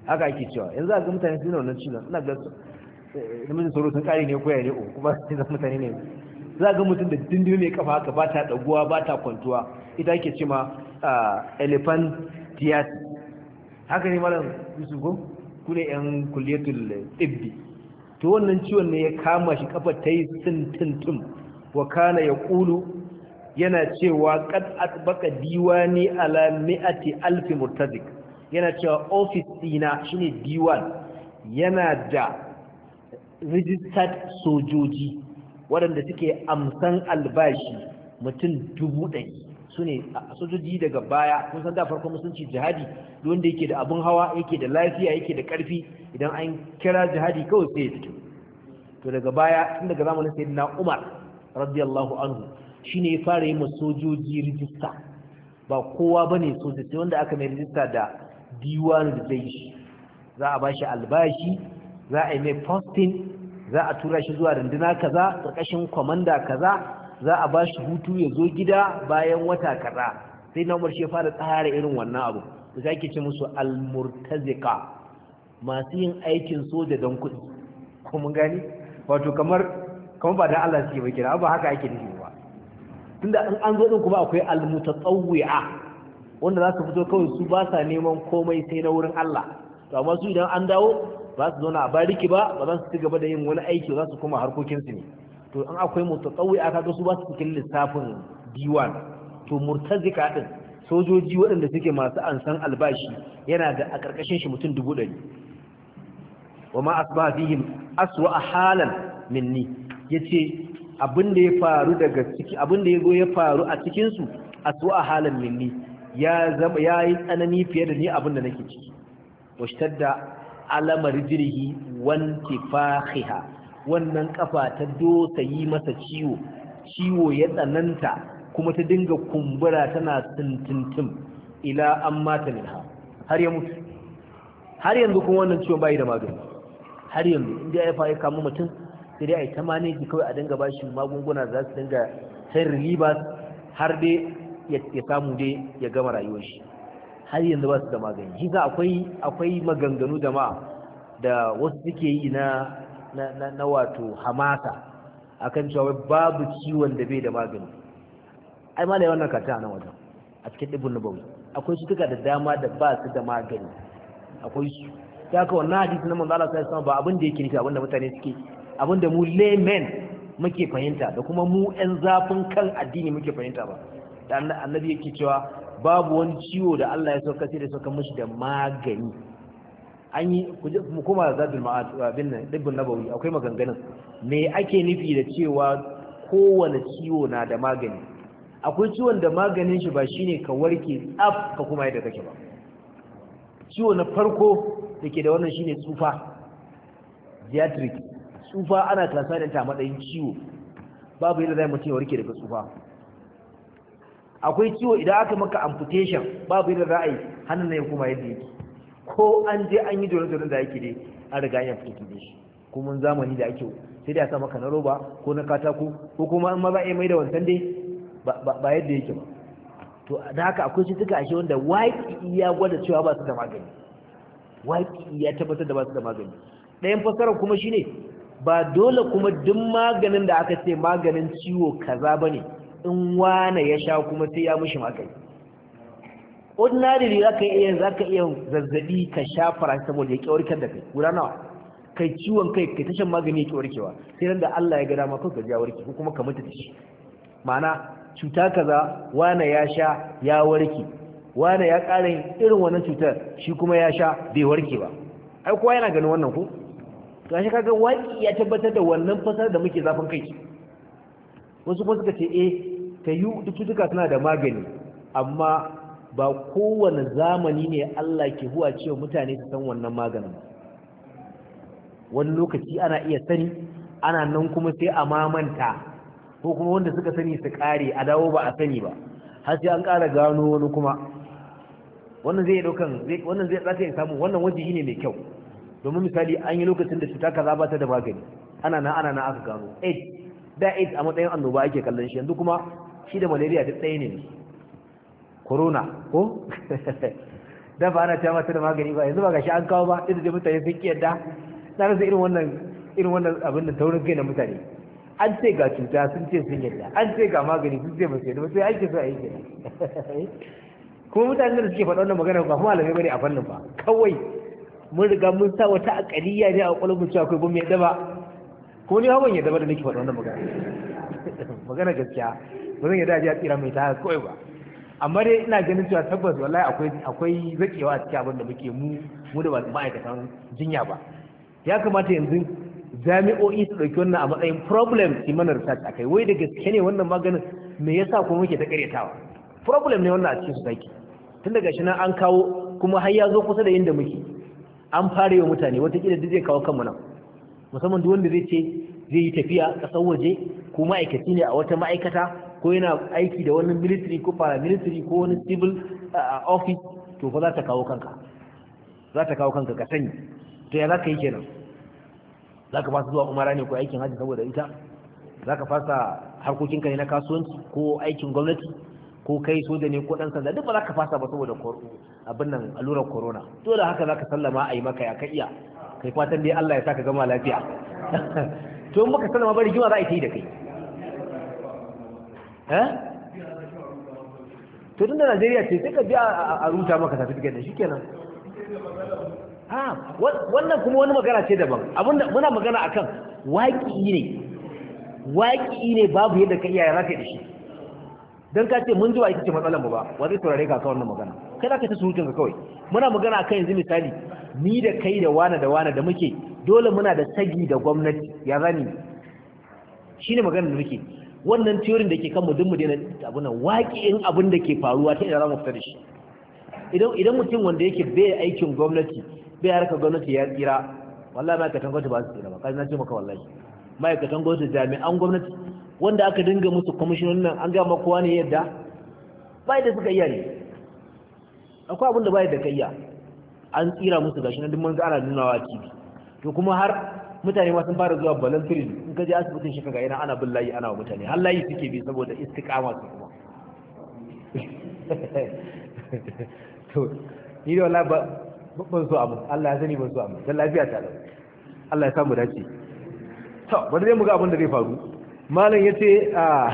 haka ake cewa yanzu a ga mutane suna wannan cizon suna ga eh, namijin sauro sun kare ne koya ne o kuma sai zan mutane ne za ga mutum da dindin mai kafa haka ba ta daguwa ba ta kwantuwa ita ake ce ma ah, elephantiasis haka ne malam yusuf ko ku ne yan kulliyatul ibbi to wannan ciwon ne ya kama shi kafa ta yi sintintum wa kana ƙulu yana cewa qad diwa ne ala mi'ati alfi murtazik yana cewa ofis dina shine diwan yana da rijistar sojoji waɗanda suke amsan albashi mutum dubu ɗari su ne a sojoji daga baya kun san da farko musulunci jihadi wanda yake da abin hawa yake da lafiya yake da ƙarfi idan an kira jihadi kawai sai ya fito to daga baya tun daga zamanin sai na umar radiyallahu anhu shine ya fara yi sojoji rijista ba kowa bane soja sai wanda aka mai rijista da diwan da zai shi za a bashi albashi za a yi mai posting za a tura shi zuwa rinduna kaza karkashin kwamanda kaza za a bashi hutu ya zo gida bayan wata kaza sai na umar ya fara tsara irin wannan abu da zaki ce musu almurtazika masu yin aikin soja don kuɗi ko mun gani wato kamar kuma ba dan Allah suke ba kira ba haka ake nufi ba tunda in an zo din kuma akwai almutatawwi'a wanda za su fito kawai su ba sa neman komai sai na wurin Allah to amma su idan an dawo ba su zauna a bariki ba ba za su ci gaba da yin wani aiki za su koma harkokin su ne to in akwai mutatawwi'a ga su ba su cikin lissafin diwan to murtazika din sojoji waɗanda suke masu ansan albashi yana da a ƙarƙashin shi mutum dubu ɗari wa ma asbaha fihim aswa halan minni yace abin da ya faru daga ciki abin da yazo ya faru a cikin su a halin minni ya zama yi tsanani fiye da ni abin da nake ciki washtadda alama rijlihi wanti fakhiha wannan kafa ta dosa yi masa ciwo ciwo ya tsananta kuma ta dinga kumbura tana tintintim ila an mata minha har ya mutu har yanzu kuma wannan ciwon bai da magani har yanzu inda ya fa ya kamu mutum sai dai a yi ta maneji kawai a dinga ba shi magunguna za su dinga sayar ribas har dai ya samu dai ya gama rayuwar shi har yanzu ba su da magani shi akwai akwai maganganu da ma da wasu suke yi na na wato hamasa akan cewa babu ciwon da bai da magani ai malai wannan kata nan wajen a cikin ibn nabawi akwai cutuka da dama da ba su da magani akwai su ta ka wannan hadisi na manzo Allah sai ba abin da yake nufi abin da mutane suke abinda mu laymen muke fahimta da kuma mu 'yan zafin kan addini muke fahimta ba da annabi yake cewa babu wani ciwo da Allah ya sauka sai da sauka mushi da magani an yi kuma zadul ma'ad bin nan dibbun nabawi akwai maganganun me ake nufi da cewa kowane ciwo na da magani akwai ciwon da maganin shi ba shine ka warke tsaf ka kuma yadda kake ba ciwo na farko da ke da wannan shine tsufa diatric tsufa ana tasa da ta matsayin ciwo babu yadda zai mutum ya warke daga tsufa akwai ciwo idan aka maka amputation babu yadda za a yi hannun na ya kuma yadda yake ko an je an yi dole-dole da yake dai an riga ya fito da shi kuma zamani da ake sai da sa maka na roba ko na katako ko kuma an maza a mai da wancan dai ba yadda yake ba to da haka akwai suka ashe wanda waƙi ya gwada cewa ba su da magani waƙi ya tabbatar da ba su da magani ɗayan fasarar kuma shine ba dole kuma duk maganin da aka ce maganin ciwo kaza ba ne. in wane ya sha kuma sai ya mushi magani ordinary zaka iya zaka iya zazzabi ka sha paracetamol ya kiwarkar da kai guda kai ciwon kai kai tashan magani ya kiwarkewa sai nan da Allah ya ga dama ka ya warke ko kuma ka mutu da shi ma'ana cuta kaza wane ya sha ya warke wane ya ƙara irin wannan cutar shi kuma ya sha bai warke ba ai kowa yana ganin wannan ko to shi kaga waki ya tabbatar da wannan fasar da muke zafin kai wasu kuma suka ce eh ta yi cututtuka suna da magani amma ba kowane zamani ne Allah ke huwa cewa mutane su san wannan maganin wani lokaci ana iya sani ana nan kuma sai a mamanta ko kuma wanda suka sani su kare a dawo ba a sani ba har sai an ƙara gano wani kuma wannan zai daukan wannan zai zaka samu wannan wajihi ne mai kyau domin misali an yi lokacin da cuta kaza ba ta da magani ana na ana na aka gano aids da aids a matsayin annoba ake kallon shi yanzu kuma shi da malaria duk tsaye ne corona ko da ba ana ta da magani ba yanzu ba ga shi an kawo ba idan da mutane sun ki yadda na rasa irin wannan irin wannan abin da taurin kai na mutane an ce ga cuta sun ce sun yadda an ce ga magani sun ce ba su yadda ba sai aiki su aiki kuma mutane da suke faɗa wannan magana ba kuma alamai bane a fannin ba kawai mun riga mun sa wata akaliya ne a kwalwar cewa akwai gumi ya ba ko ni hawan ya ba da nake faɗa wannan magana magana gaskiya ba zan yadda a tsira mai ta kawai ba amma dai ina ganin cewa tabbas wallahi akwai akwai zakewa a cikin abin da muke mu mu da ma'aikatan jinya ba ya kamata yanzu jami'o'i su ɗauki wannan a matsayin problem su mana research a kai wai da gaske ne wannan maganin me yasa kuma muke ta karyatawa problem ne wannan a cikin su take tun daga shi nan an kawo kuma har ya zo kusa da inda muke an fara wa mutane watakila da zai kawo kanmu nan musamman duk wanda zai ce zai yi tafiya ƙasar waje ko ma'aikaci ne a wata ma'aikata ko yana aiki da wani military ko paramilitary ko wani civil uh, office to fa za ta kawo kanka za ta kawo kanka ka sani to ya za ka yi kenan za ka fasa zuwa umara ne ko aikin hajji saboda ita za ka fasa harkokinka ne na kasuwanci ko aikin gwamnati ko kai soja ne ko dan sanda duk ba za ka fasa ba saboda abin nan allurar corona dole haka za ka sallama a yi maka ya ka iya kai fatan dai Allah ya saka gama lafiya to in baka sallama bari jima za a yi da kai eh to da Najeriya ce sai ka bi a ruta maka certificate da shikenan ha wannan kuma wani magana ce daban abinda muna magana akan waki ne waki ne babu yadda ka iya ya rafe da shi Don ka ce mun zuwa ita ce matsalar mu ba wa zai turare ka wannan magana kai za ka ta surutun ka kawai muna magana kan yanzu misali ni da kai da wana da wana da muke dole muna da sagi da gwamnati ya zani shi ne magana da muke wannan teorin da ke kan mudin mu daina abu nan in abin da ke faruwa ta idan za mu fita da shi idan idan mutum wanda yake bai aikin gwamnati bai harkar gwamnati ya tsira wallahi ma'aikatan gwamnati ba su tsira ba kaji na ce maka wallahi ma'aikatan gwamnati jami'an gwamnati wanda aka dinga musu kwamishinan nan an gama kowa ne yadda bai da suka iya ne akwai abinda bai da kayya an tsira musu gashi na dimman ana nunawa tv to kuma har mutane ma sun fara zuwa volunteering in ka je asibitin shi kaga yana ana bin layi ana wa mutane har layi suke bi saboda istiqama su kuma to ni da wallahi ba ban so abu Allah ya sani ban so abu dan lafiya ta Allah ya samu dace to bari mu ga abin da zai faru malam ya ce a ah.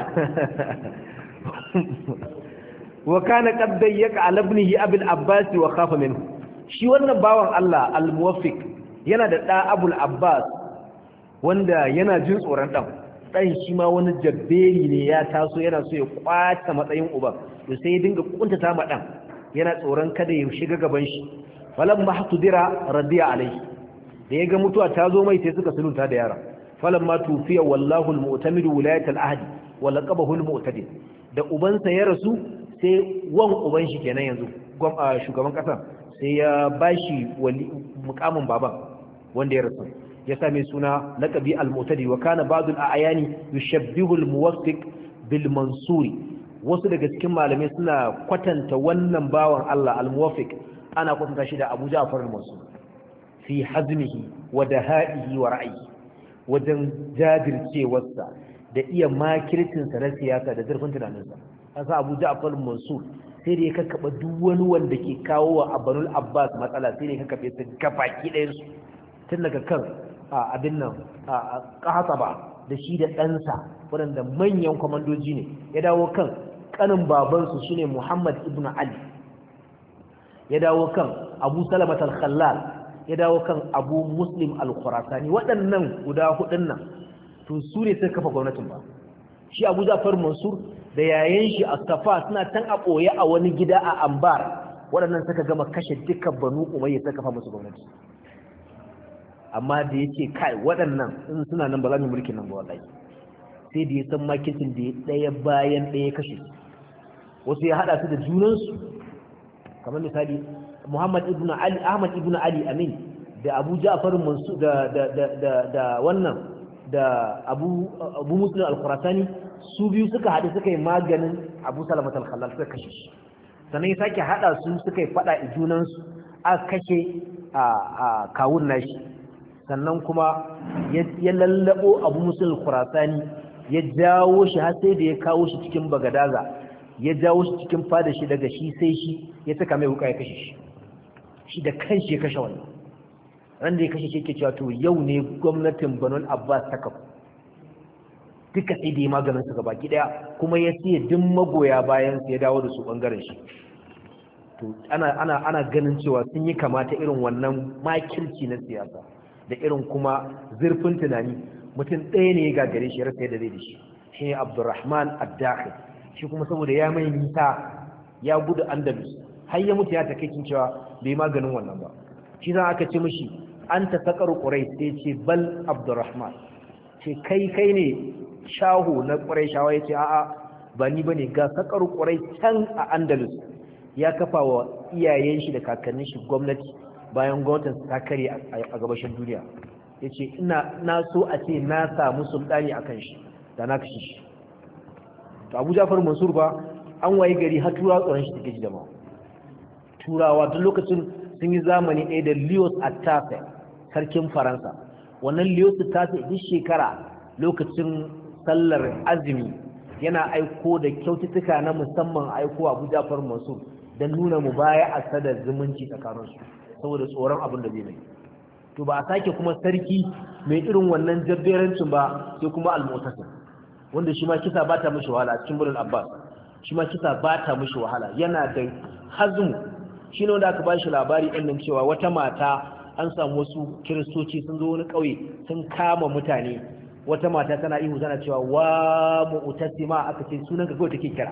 wa kana qad ya ala abul abbas wa kafa min shi wannan bawan Allah al-muwaffiq yana da ɗa abul abbas wanda yana jin tsoron ɗan. Ɗan shi ma wani jabberi ne ya taso yana so ya kwata matsayin uba to sai ya dinga ta ma dan yana tsoron kada ya shiga gaban shi falamma hatudira radiya alai da ya ga mutuwa ta zo mai sai suka sununta da yara falamma tufiya wallahul almu'tamid wilayat al-ahd wa laqabahu da ubansa ya rasu sai wan uban shi kenan yanzu shugaban kasa sai ya bashi mukamin baban wanda ya rasu ya same suna laqabi al-mu'tadil wa kana ba'd ayani yushabbihu al-muwaffiq bil mansuri wasu daga cikin malamai suna kwatanta wannan bawan Allah al-muwaffiq ana kwatanta shi da Abu Ja'far al-Mansur fi hazmihi wa dahaihi wa ra'ayi wajen jajircewarsa da iya makircinsa na siyasa da zurfin tunaninsa an sa abu ja'afar mansur sai da ya kakkaɓa duk wani wanda ke kawo wa abanul abbas matsala sai da ya kakkaɓe su gabaki su tun daga kan abin nan ƙasa ba da shi da ɗansa waɗanda manyan kwamandoji ne ya dawo kan ƙanin babansu shine muhammad ibn ali ya dawo kan abu salama al-khallal ya dawo kan abu muslim al-khurasani waɗannan guda hudun nan to su ne suka kafa gwamnatin ba shi abu zafar mansur da yayan shi a safa suna tan a ɓoye a wani gida a ambar waɗannan suka gama kashe dukkan banu umayya suka kafa musu gwamnati amma da ya ce kai waɗannan in suna nan ba za mu mulkin nan ba wallahi sai da ya san makitin da ya ɗaya bayan ɗaya kashe wasu ya haɗa su da junansu kamar misali Muhammad ibn Ali Ahmad ibn Ali Amin da Abu Ja'far Mansur da da da da wannan da Abu Abu Muslim al-Khurasani su biyu suka haɗu suka yi maganin Abu Salamat al-Khallal suka kashe shi sannan ya sake haɗa su suka yi faɗa junan su a kashe a kawun nashi sannan kuma ya lallabo Abu Muslim al-Khurasani ya jawo shi har sai da ya kawo shi cikin Bagadaza ya jawo shi cikin fada shi daga shi sai shi ya saka mai wuka ya kashe shi shi da kanshi ya kashe wannan ran ya kashe shi ke cewa to yau ne gwamnatin banon Abbas ta kafa duka sai da maganin su gaba gida kuma ya siya duk magoya bayan su ya dawo da su bangaren shi to ana ganin cewa sun yi kamata irin wannan makilci na siyasa da irin kuma zurfin tunani mutum ɗaya ne ya gagare shi rasa yadda zai da shi shi ne Abdulrahman ad shi kuma saboda ya mai nisa ya gudu Andalus har ya mutu ya takaitin cewa bai maganin wannan ba shi za aka ci mishi an ta sakar ƙurai sai ce bal abdurrahman ce kai kai ne shaho na ƙurai shawa ya ce a'a ba ni ba ne ga sakar ƙurai can a andalus ya kafa wa iyayen shi da kakannin shi gwamnati bayan gwamnatin ta kare a gabashin duniya ya ce na so a ce na samu sultani a kan shi da na kashe shi to abu jafar mansur ba an waye gari har tura tsoron shi da jama'a turawa duk lokacin sun yi zamani ɗaya da Louis Attafe sarkin Faransa wannan Louis Attafe duk shekara lokacin sallar azumi yana aiko da kyaututtuka na musamman aiko a gujafar Mansur don nuna mu baya a sadar zumunci tsakaninsu saboda tsoron abin da zai mai to ba a sake kuma sarki mai irin wannan jabberancin ba sai kuma al-mu'tasim wanda shi ma kisa ta mishi wahala cikin burin Abbas shi ma kisa ta mishi wahala yana da hazmu shi ne wanda aka ba shi labari ɗin nan cewa wata mata an samu wasu kiristoci sun zo wani ƙauye sun kama mutane wata mata tana ihu tana cewa wa ma aka ce sunan ka kawai take kira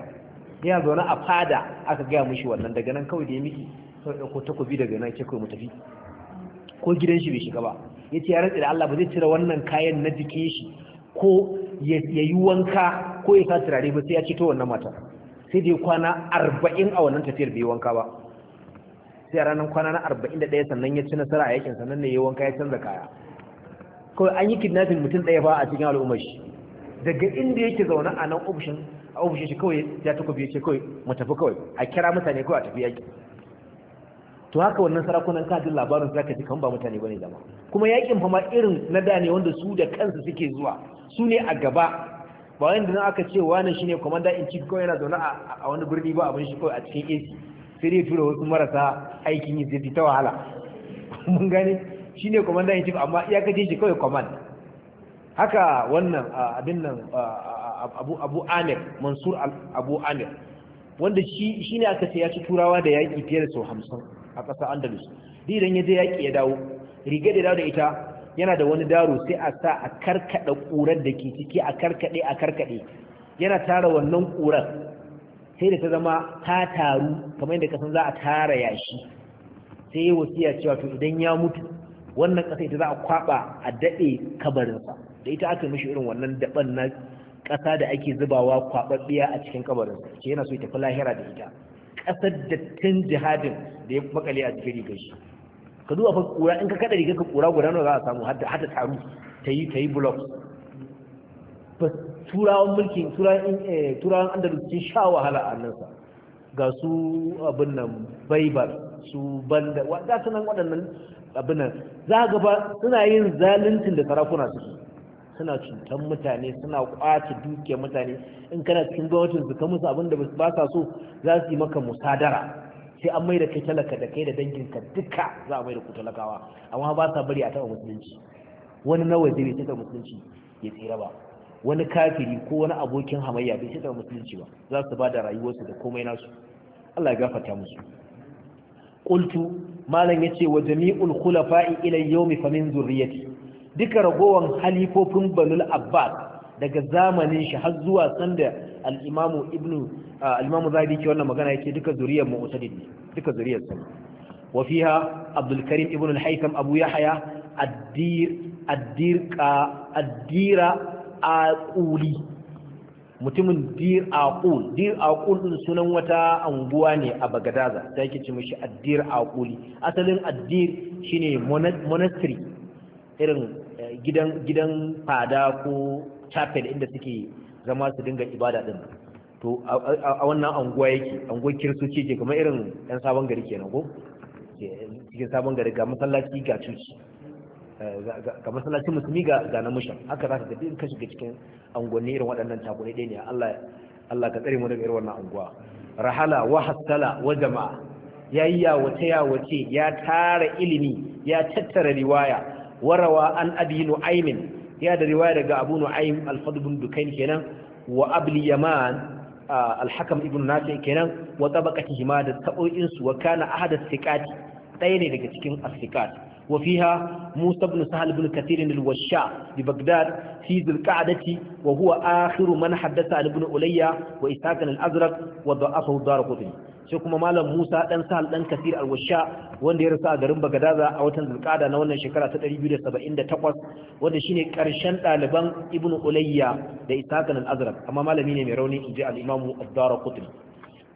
ya zaune a fada aka gaya mishi wannan daga nan kawai da ya miki sau ɗauko takobi daga nan ce kawai mu tafi ko gidan shi bai shiga ba ya ce ya rantsi da Allah ba zai cire wannan kayan na jikin shi ko ya yi wanka ko ya sa turare ba sai ya ce ta wannan mata sai dai kwana arba'in a wannan tafiyar bai wanka ba sai a ranar kwana na arba'in da ɗaya sannan ya ci nasara a yakin sannan ne ya wanka ya canza kaya kawai an yi kidnafin mutum ɗaya ba a cikin al'ummar shi daga inda yake zaune a nan ofishin a ofishin shi kawai ya ta kwafi ya ce kawai mu tafi kawai a kira mutane kawai a tafi yaki to haka wannan sarakunan kajin labarin su zaka ji kan ba mutane bane zama kuma yakin fa ma irin na da ne wanda su da kansu suke zuwa su ne a gaba ba wanda nan aka ce wani shine commander in chief kawai yana zaune a wani birni ba abin shi kawai a cikin AC sai dai tura wasu marasa aikin yi sai ta wahala mun gani shi ne kwamandan yi amma amma iyakacin shi kawai kwaman haka wannan abin nan abu amir mansur abu amir wanda shi ne aka ce ya ci turawa da yaƙi fiye da sau hamsin a ƙasar andalus duk idan ya je yaƙi ya dawo rigar da dawo da ita yana da wani daro sai a sa a karkaɗa ƙurar da ke ciki a karkaɗe a karkaɗe yana tara wannan ƙurar sai da ta zama ta taru kamar yadda kasan za a tara yashi sai ya wasiya cewa to idan ya mutu wannan ƙasa ita za a kwaba a daɗe kabarinsa da ita aka mishi irin wannan daɓan na ƙasa da ake zubawa kwaɓaɓɓiya a cikin kabarinsa ce yana so ya tafi lahira da ita ƙasar dattin jihadin da ya makale a cikin rigar shi ka duba fa kura in ka kada rigar ka kura guda nawa za a samu hada taru ta yi ta turawan mulkin eh, turawan andalus sun sha wahala a nan sa. ga su abin nan baibar su banda wanda su nan waɗannan abin nan za ga ba suna yin zaluncin da sarakuna su suna cutan mutane suna kwace dukiyar mutane in kana cikin gwamnatin su ka musu abin da ba sa so za su yi maka musadara sai an mai da kai talaka da kai da danginka duka za a mai da ku talakawa amma ba sa bari a taɓa musulunci wani na zai bai taɓa musulunci ya tsira ba wani kafiri ko wani abokin hamayya bai sai musulunci ba za su ba da rayuwarsu da komai nasu Allah ya gafarta musu qultu malam ce wa jami'ul khulafa'i ila yawmi famin zurriyati duka ragowan halifofin banul abbas daga zamanin shi har zuwa sanda al-imamu ibnu al-imamu zabi ke wannan magana yake duka zuriyar mu'tadid ne duka zuriyar sa wa fiha abdul karim ibnu al-haytham abu yahya ad-dir ad-dirqa ad-dira aquli mutumin dir aqul dir aqul din sunan wata anguwa ne a bagadaza ta yake ce mishi addir aquli asalin addir shine monastery irin eh, gidan gidan fada ko chapel inda suke zama su dinga ibada din to a wannan anguwa yake anguwar kiristoci ke kamar irin yan sabon gari kenan ko eh, cikin sabon gari ga masallaci ga cuci ga masallacin musulmi ga ga na mushan haka za ka tafi in ka shiga cikin angonni irin waɗannan takuni ɗaya ne Allah Allah ka tsare mu daga irin wannan anguwa rahala wa hasala wa jama'a yayi yawace yawace ya tara ilimi ya tattara riwaya warawa an abi nu'aymin ya da riwaya daga abu nu'aym al-fadl ibn dukayn kenan wa abli yaman al-hakam ibn nafi kenan wa tabaqatihima da tabo'in su wa kana ahad as-siqat ɗaya ne daga cikin as-siqat وفيها موسى بن سهل بن كثير الوشاع ببغداد في ذي القعدة وهو آخر من حدث عن ابن أولية وإسحاق الأزرق وضعفه الدار قطني sai kuma malam Musa dan Sahal dan Kasir al washa wanda ya rasu a garin Bagadaza a watan Zulqa'ada na wannan shekara ta 278 wanda shine karshen ɗaliban Ibn Ulayya da Ishaq al-Azraq amma malami ne mai rauni inji al-Imam ad-Darqutni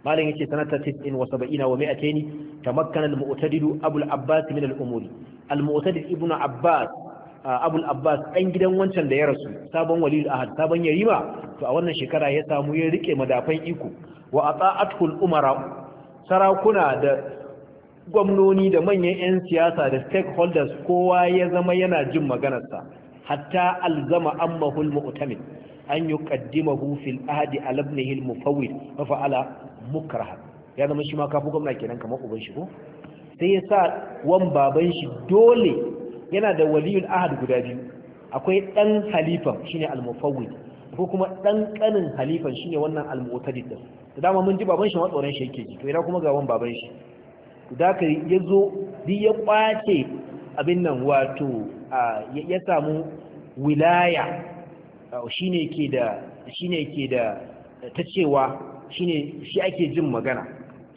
malam yace sanata 79 wa ta tamakkana al-mu'tadid Abu al-Abbas min al-umuri al-mu'tadid ibn Abbas Abu al-Abbas dan gidan wancan da ya rasu sabon walil ahad sabon yarima to a wannan shekara ya samu ya rike madafan iko wa ata'atul umara sarakuna da gwamnoni da manyan 'yan siyasa da stakeholders kowa ya zama yana jin maganarsa hatta alzama ammahul mu'tamin an yuqaddimahu fil ahdi ala ibnihi al mufawwid mukraha ya zama shi ma kafu gwamna kenan kamar uban ko sai ya sa wan baban shi dole yana da waliyul ahad guda biyu akwai dan halifa shine al-mufawwid ko kuma dan kanin halifan shine wannan al-mu'tadid da dama mun ji baban shi ma tsoron shi yake ji to ina kuma ga wan baban shi da ka yazo duk ya kwace abin nan wato ya samu wilaya shine ke da shine ke da ta cewa ne shi ake jin magana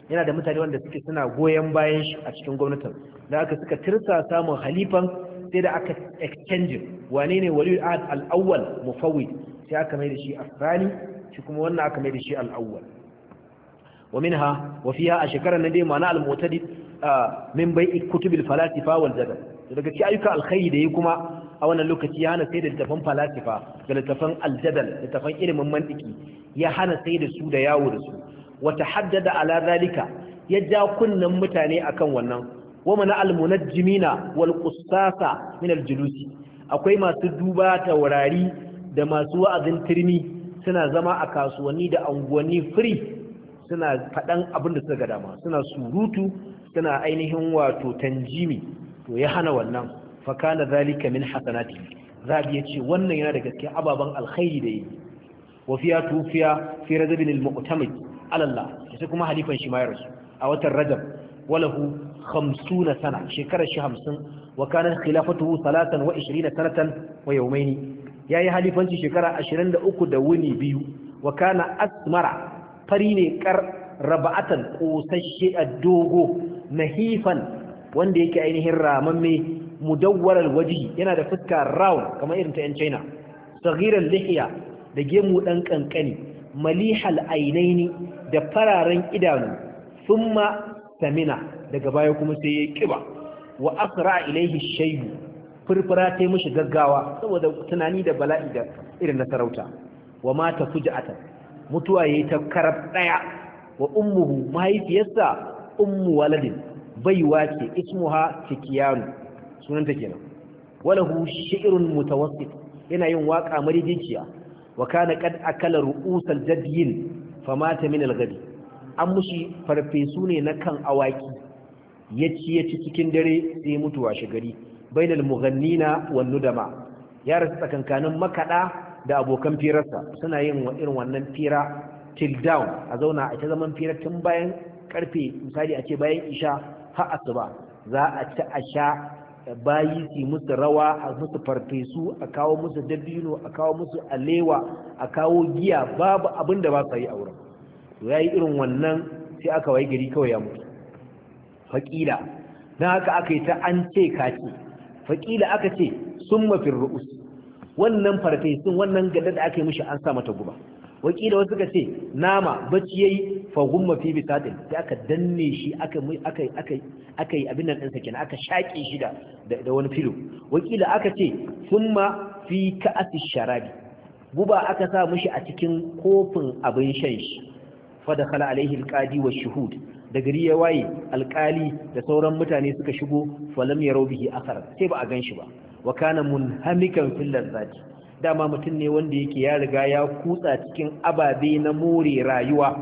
yana da mutane wanda suke suna goyon bayan shi a cikin gwamnatin da aka suka tirsa samun halifan sai da aka exchange wane ne waliyul ahad al-awwal mufawwid sai aka mai da shi asrani shi kuma wannan aka mai da shi al-awwal wa minha wa fiha a shekarar nan dai ma'ana al-mu'tadi ah, min bai'i kutubil falasifa wal jadal daga ci ayyuka alkhairi da yi kuma a wannan lokaci ya hana sai da littafan falasifa da littafan aljadal littafan ilimin mantiki ya hana sai da su da yawo da su wata haddada ala zalika ya ja kunnen mutane akan wannan wa mana almunajjimina wal qussasa min aljulusi akwai masu duba taurari da masu wa'azin turmi suna zama a kasuwanni da anguwanni firi suna faɗan abin da suka ga dama suna surutu suna ainihin wato tanjimi to ya hana wannan fa kana zalika min hasanati zabi yace wannan yana da cikin ababan alkhairi da yi wa fiya tufiya fi rajabin almu'tamid ala Allah sai kuma halifan shi ma rasu a watan rajab walahu 50 sana shekarar shi 50 wa kana khilafatuhu 23 sanatan wa yawmaini yayi halifanci shekara 23 da wuni biyu wa kana asmara fari ne kar raba'atan kosashe a dogo nahifan wanda yake ainihin ramamme mudawwarar waji yana da fuska round kamar irin ta yan China saghiran lihiya da gemu ɗan ƙanƙani, malihal ainaini da fararen idanu summa samina daga baya kuma sai ya kiba wa a ilaihi shaybu furfura ta mishi gaggawa saboda tunani da bala'i da irin na sarauta wa mata fuja'atan mutuwa yi ta karab ɗaya wa ummuhu mahaifiyarsa ummu waladin baiwa ce ismuha tikiyanu sunanta kenan hu shi'run mutawassit yana yin waka marijinciya wa kana qad akala ru'usal jadyin famata min al-ghadi an mushi farfesu ne na kan awaki Ya ci ya ci cikin dare sai mutuwa gari. bainal mughannina wan nudama ya rasu tsakankanin makada da abokan firarsa suna yin irin wannan fira till down a zauna a ta zaman fira tun bayan karfe misali a ce bayan isha har asuba za a ci a sha bayi su musu rawa a musu farfesu a kawo musu dabino a kawo musu alewa a kawo giya babu abin da ba su yi a wurin to ya yi irin wannan sai aka wai gari kawai ya mutu faƙila na haka aka yi ta an ce kaci faƙila aka ce sun mafin ru'us wannan farfesun wannan gada da aka yi mishi an sa mata guba wakila wasu suka ce nama bacci yayi fa gumma fi bisadin sai aka danne shi aka yi abin nan ɗinsa kenan aka shaƙe shi da da wani filo wakila aka ce summa fi ka'asi sharabi guba aka sa mushi a cikin kofin abin shan shi fa dakhala alaihi alqadi wa shuhud da gari ya waye alkali da sauran mutane suka shigo falam yarau bihi sai ba a gan shi ba wa kana munhamikan fil lazati dama mutum ne wanda yake ya riga ya kutsa cikin ababe na more rayuwa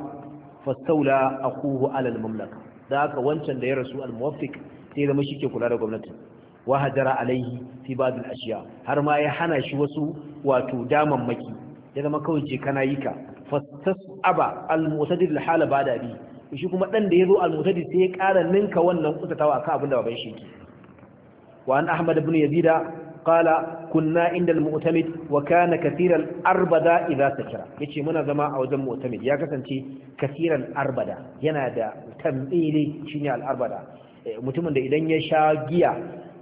fastaula akuhu alal mamlaka da haka wancan da ya rasu al-muwaffiq sai zama shi ke kula da gwamnati wa hajara alaihi fi ba'd ashiya har ma ya hana shi wasu wato damammaki ya zama kawai je kana yi ka Aba, al-mu'tadir al-hala ba'da bi shi kuma dan da yazo al-mu'tadir sai ya ƙara ninka wannan kutatawa akan abin da baban shi ke wa an ahmad ibn yazida قال كنا عند المؤتمد وكان كثير الأربدة إذا سكر يتي منا زما أو زم مؤتمد يا كسنتي كثير الأربدة ينادى تمئيلي شنيا الأربدة mutumin da idan ya sha giya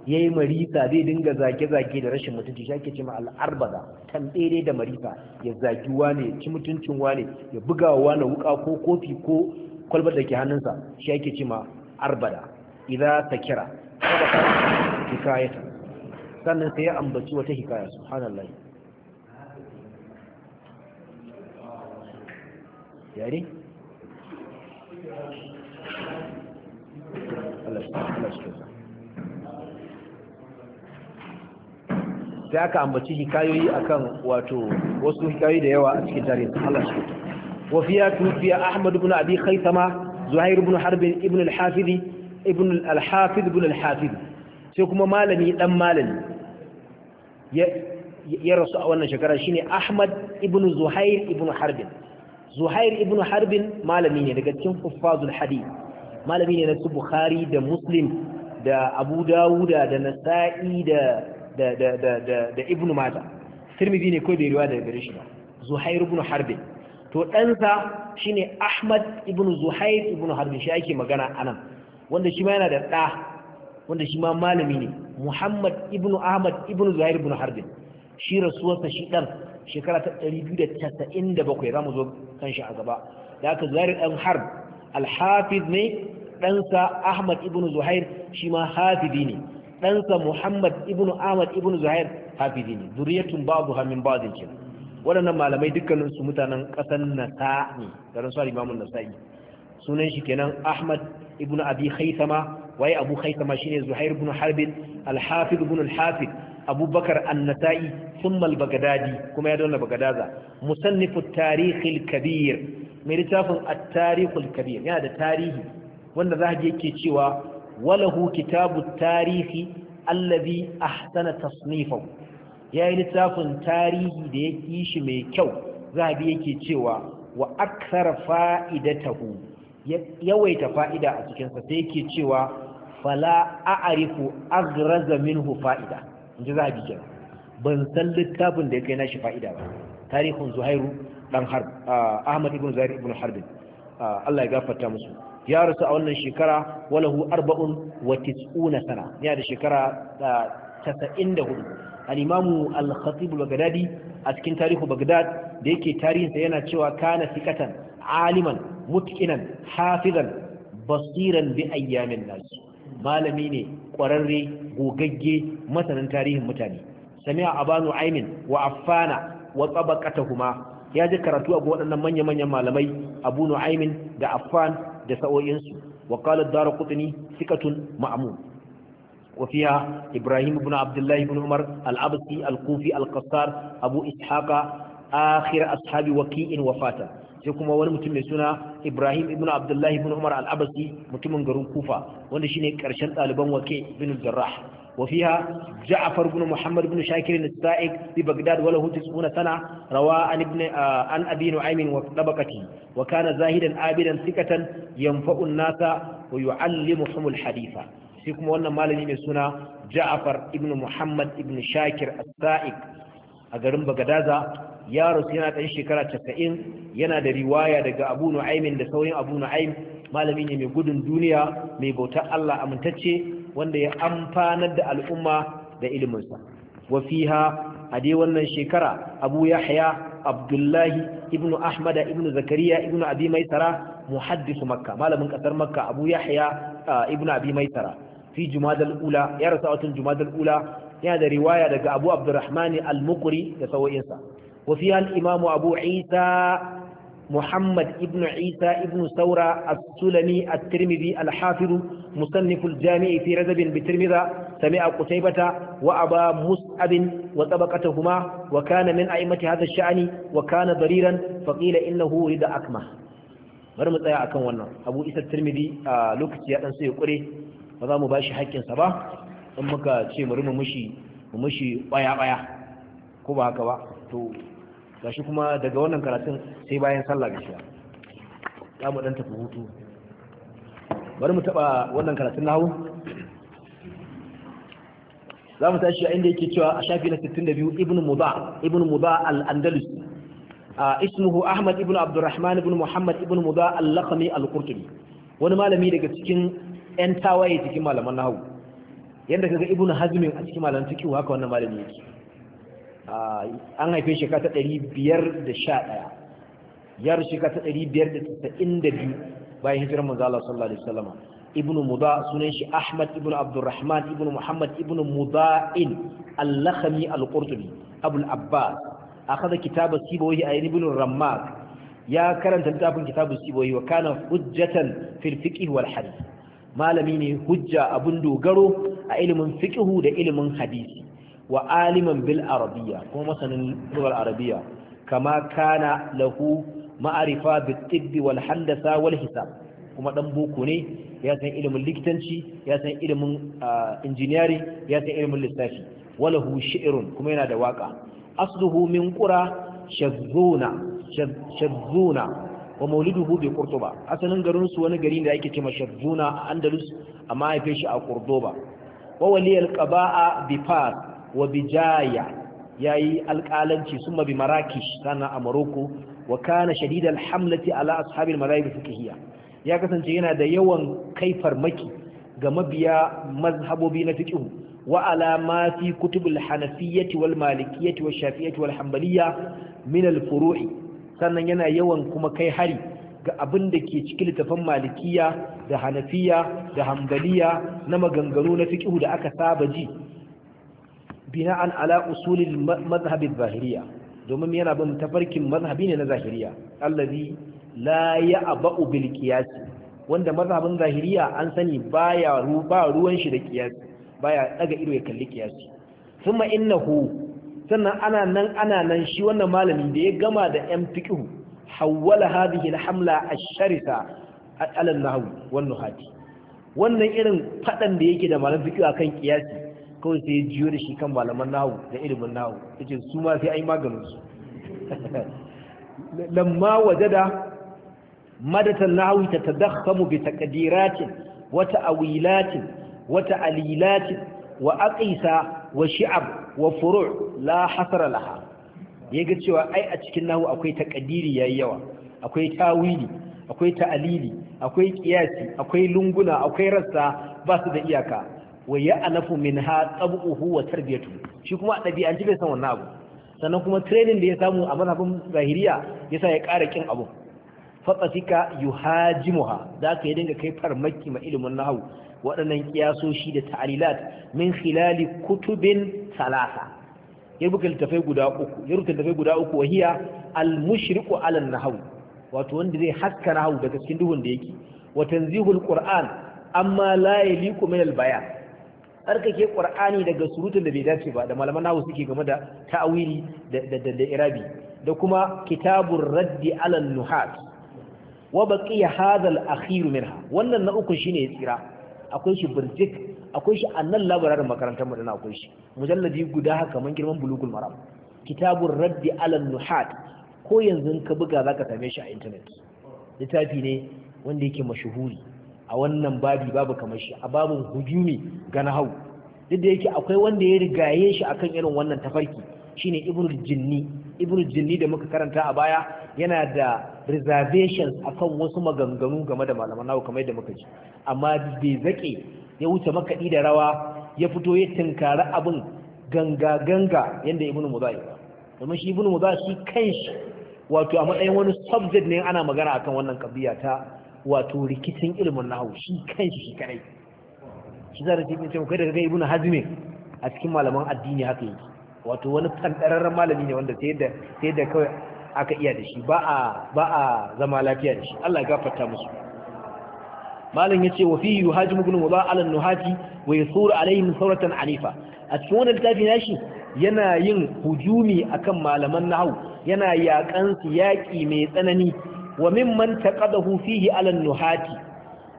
ya yi marisa zai dinga zage-zage da rashin mutunci shi ake cima al'arbaza tamɓere da marisa ya zagi wane ci mutuncin wane ya buga wa wane wuka ko kofi ko kwalbar da ke hannunsa shi ake cima arbada idan ta kira kayata sannan sai ya ambaci wata hikaya subhanallah yare sai aka ambaci hikayoyi akan wato wasu hikayoyi da yawa a cikin tarihin Allah shi wafiya tufiya Ahmad ibn Abi Khaythama Zuhair ibn Harb ibn al-Hafiz ibn al-Hafiz ibn al-Hafiz sai kuma malami dan malami ya rasu a wannan shekara shine Ahmad ibn Zuhair ibn Harbin Zuhair ibn Harbin malami ne daga cikin kuffazul hadith malami ne na su Bukhari da Muslim da Abu Dawuda da Nasa'i da da da da da, da Ibn Majah Tirmidhi ne ko da riwaya daga gare shi Zuhair ibn Harbin to ɗansa shine Ahmad ibn Zuhair ibn Harbin shi ake magana anan wanda shi ma yana da ɗa wanda shi ma malami ne muhammad ibn ahmad ibn zuhair ibn harbin shi rasuwarsa shi dan shekara ta 297 za mu zo kan shi a gaba da aka zuhair ɗan harb alhafiz ne ɗansa ahmad ibn zuhair shi ma hafizi ne ɗansa muhammad ibn ahmad ibn zuhair hafizi ne zuriyatun babu hamin bazin kenan waɗannan malamai dukkaninsu mutanen ƙasar nasa ne garin su alimamun nasa'i sunan shi kenan ahmad ibn abi haithama waye abu haitama shine zuhair ibn harbin al-hafid ibn al-hafid abubakar an-nasa'i thumma al-baghdadi kuma ya dole baghdadaza musannifu at-tarikh al-kabir mai littafin at-tarikh al-kabir yana da tarihi wanda za ji yake cewa walahu kitabu at-tarikh alladhi ahsana tasnifahu yayi littafin tarihi da yake shi mai kyau zahabi yake cewa wa aksar fa'idatahu yawaita fa'ida a cikinsa sai yake cewa fala a'arifu aghraza minhu fa'ida inji bi kenan ban san littafin da ya kai nashi fa'ida ba tarihin zuhairu dan harb ah, ahmad ibn zuhair ibn harb ah, Allah ya gafarta musu ya rasu a wannan shekara walahu arba'un wa tis'una sana ya da shekara 94 ah, al-imamu al-khatib al-baghdadi a cikin tarihu baghdad da yake tarihinsa yana cewa kana sikatan aliman mutqinan hafizan basiran bi ayyamin nas malami ne ƙwararre gogagge masanin tarihin mutane sami'a abanu aimin wa affana wa kuma ya ji karatu a waɗannan manya-manyan malamai abu Nu'Amin da affan da sa'o'insu wa qala ad-darqutni sikatun ma'mun wa ibrahim ibn Abdullahi ibn umar al-absi al-kufi al-qassar abu ishaqa akhir ashabi waqi'in wafata sai kuma wani mutum mai suna Ibrahim ibnu Abdullahi bin Umar al-Abasi mutumin garin Kufa wanda shine karshen ɗaliban Waqi ibn Jarrah wa fiha Ja'far ibn Muhammad ibn Shakir al-Sa'iq bi wala hu 90 sana rawa an ibn an Abi Nu'aym wa tabaqati wa kana zahidan abidan thiqatan yanfa'u an-nasa wa yu'allimuhum al-haditha sai kuma wannan malami mai suna Ja'far ibn Muhammad ibn Shakir al a garin Baghdad ya rasu yana ɗan shekara casa'in yana da riwaya daga abu nu'aimin da sauyin abu nu'aim malami ne mai gudun duniya mai bautar Allah amintacce wanda ya amfanar da al'umma da iliminsa wa fiha a dai wannan shekara abu yahya abdullahi ibn ahmada ibn zakariya ibn abi maisara muhaddisu makka malamin kasar makka abu yahya ibn abi maisara fi jumadal ula ya rasa a watan jumadal ula yana da riwaya daga abu abdurrahman al-mukri da sawo'insa وفيها الإمام أبو عيسى محمد ابن عيسى ابن ثورة السلمي الترمذي الحافظ مصنف الجامع في رذب بترمذة سمع قتيبة وأبا مصعب وطبقتهما وكان من أئمة هذا الشأن وكان ضريرا فقيل إنه رد أكمه bari mu tsaya akan wannan abu isa tirmidhi a lokaci ya dan sai kure ba za mu bashi haƙƙinsa ba in muka ce mu rima mushi mu mushi baya baya ko ba haka ba to gashi kuma daga wannan karatun sai bayan sallah gashi za mu dan tafi hutu bari mu taba wannan karatun na hau. za mu tashi a inda yake cewa a shafi na 62 ibn mudha ibn mudha al-andalus ismuhu ahmad ibn abdurrahman ibn muhammad ibn mudha al-laqmi al-qurtubi wani malami daga cikin yan tawaye cikin malaman nahawu yanda kaga ibn hazmin a cikin malaman fiqh haka wannan malami yake an haife shekara ta ɗari biyar da sha ɗaya yar shekara ta ɗari biyar da tasa'in da biyu bayan hijirar manzo Allah sallallahu alaihi wasallam ibnu muda sunan shi ahmad ibn abdurrahman ibn muhammad ibn muda'in al-lakhmi al-qurtubi abul abbas akhadha kitab sibawi ayin ibn ramak ya karanta littafin kitab sibawi wa kana hujjatan fil fiqh wal hadith malami ne hujja abun dogaro a ilimin fiqh da ilimin hadisi wa aliman bil arabiyya kuma masanin lugar arabiya. kama kana lahu ma'arifa bit tibbi wal handasa wal hisab kuma dan boko ne ya san ilimin likitanci ya san ilimin engineering ya san ilimin lissafi walahu shi'run kuma yana da waka asluhu min qura shazzuna shazzuna wa mauliduhu bi qurtuba asalin garin su wani gari da ake cewa shazzuna a andalus amma ya shi a qurtuba wa waliyal qaba'a bi fas wa bijaya yayi alƙalanci summa mabi marakish sana a maroko wa kana shadidal hamlati ala ashabil madhahib fiqhiyya ya kasance yana da yawan kai farmaki ga mabiya mazhabobi na fikihu wa ala ma fi kutubul hanafiyyati wal malikiyyati wash shafi'iyyati wal hanbaliyya min al furu'i sannan yana yawan kuma kai hari ga abin da ke cikin littafin malikiya da hanafiya da hambaliya na maganganu na fikihu da aka saba ji bina'an ala usulin mazhabin zahiriya domin yana bin tafarkin mazhabi ne na zahiriya allazi la ya'ba'u bil qiyas wanda mazhabin zahiriya an sani baya ru ba ruwan shi da qiyas baya daga ido ya kalli kiyasi. thumma innahu sannan ana nan ana nan shi wannan malamin da ya gama da yan fiqh hawwala hadhihi al hamla ash-sharisa ala an-nahwi wan-nuhati wannan irin fadan da yake da malam fiqh akan qiyasi kawai sai ya jiyo da shi kan malaman nahu da ilimin nahu yace su ma sai ai maganin su lamma wajada madatan nahu ta tadakhamu bi taqdiratin wa ta'wilatin wa ta'lilatin wa aqisa wa shi'ab wa furu' la hasara laha yaga cewa ai a cikin nahu akwai taqdiri yayi yawa akwai tawili akwai talili akwai ƙiyasi, akwai lunguna akwai rassa ba su da iyaka wa min minha tab'uhu wa tarbiyatuhu shi kuma dabi'an bai san wannan abu sannan kuma training da ya samu a mazhabin zahiriya yasa ya ƙara kin abu fatasika yuhajimuha za ka yi dinga kai farmaki ma ilimin nahawu waɗannan kiyasoshi da ta'alilat min khilali kutubin salasa ya rubuta littafai guda uku ya rubuta littafai guda uku wahiya al ala wato wanda zai haska nahawu daga cikin duhun da yake wa tanzihul qur'an amma la yaliqu min al-bayan tsarkake ƙwar'ani daga surutun da bai dace ba da malaman nahu suke game da ta'awili da irabi da kuma kitabun raddi alal nuhat wa baqiya hadha akhir minha wannan na uku shine ya tsira akwai shi burjik akwai shi annan labararin makarantar madana akwai shi mujalladi guda haka man girman bulugul maram Kitabun raddi Allan nuhat ko yanzu ka buga zaka same shi a intanet? littafi ne wanda yake mashuhuri a wannan babi babu kamar shi a babun hujumi ga nahau duk da yake akwai wanda ya rigaye shi akan irin wannan tafarki shine ibnu jinni ibnu jinni da muka karanta a baya yana da reservations akan wasu maganganu game da malaman nawa kamar yadda muka ji amma bai zake ya wuce makaɗi da rawa ya fito ya tinkara abin ganga ganga yadda ibnu muzai domin shi ibnu muzai shi kanshi wato a matsayin wani subject ne ana magana akan wannan kabiya ta wato rikicin ilimin nahu shi kan shi kadai shi zara ce kin kai daga ibn hazmi a cikin malaman addini haka yake wato wani tantararren malami ne wanda sai da sai da kawai aka iya da shi ba a ba a zama lafiya da shi Allah ya gafarta musu malam yace wa fi yuhajimu ibn mudha ala nuhati wa yasur alaihim sawratan anifa a cikin wannan littafi nashi yana yin hujumi akan malaman nahu. yana yakan su yaki mai tsanani wa mimman taqadahu fihi ala nuhati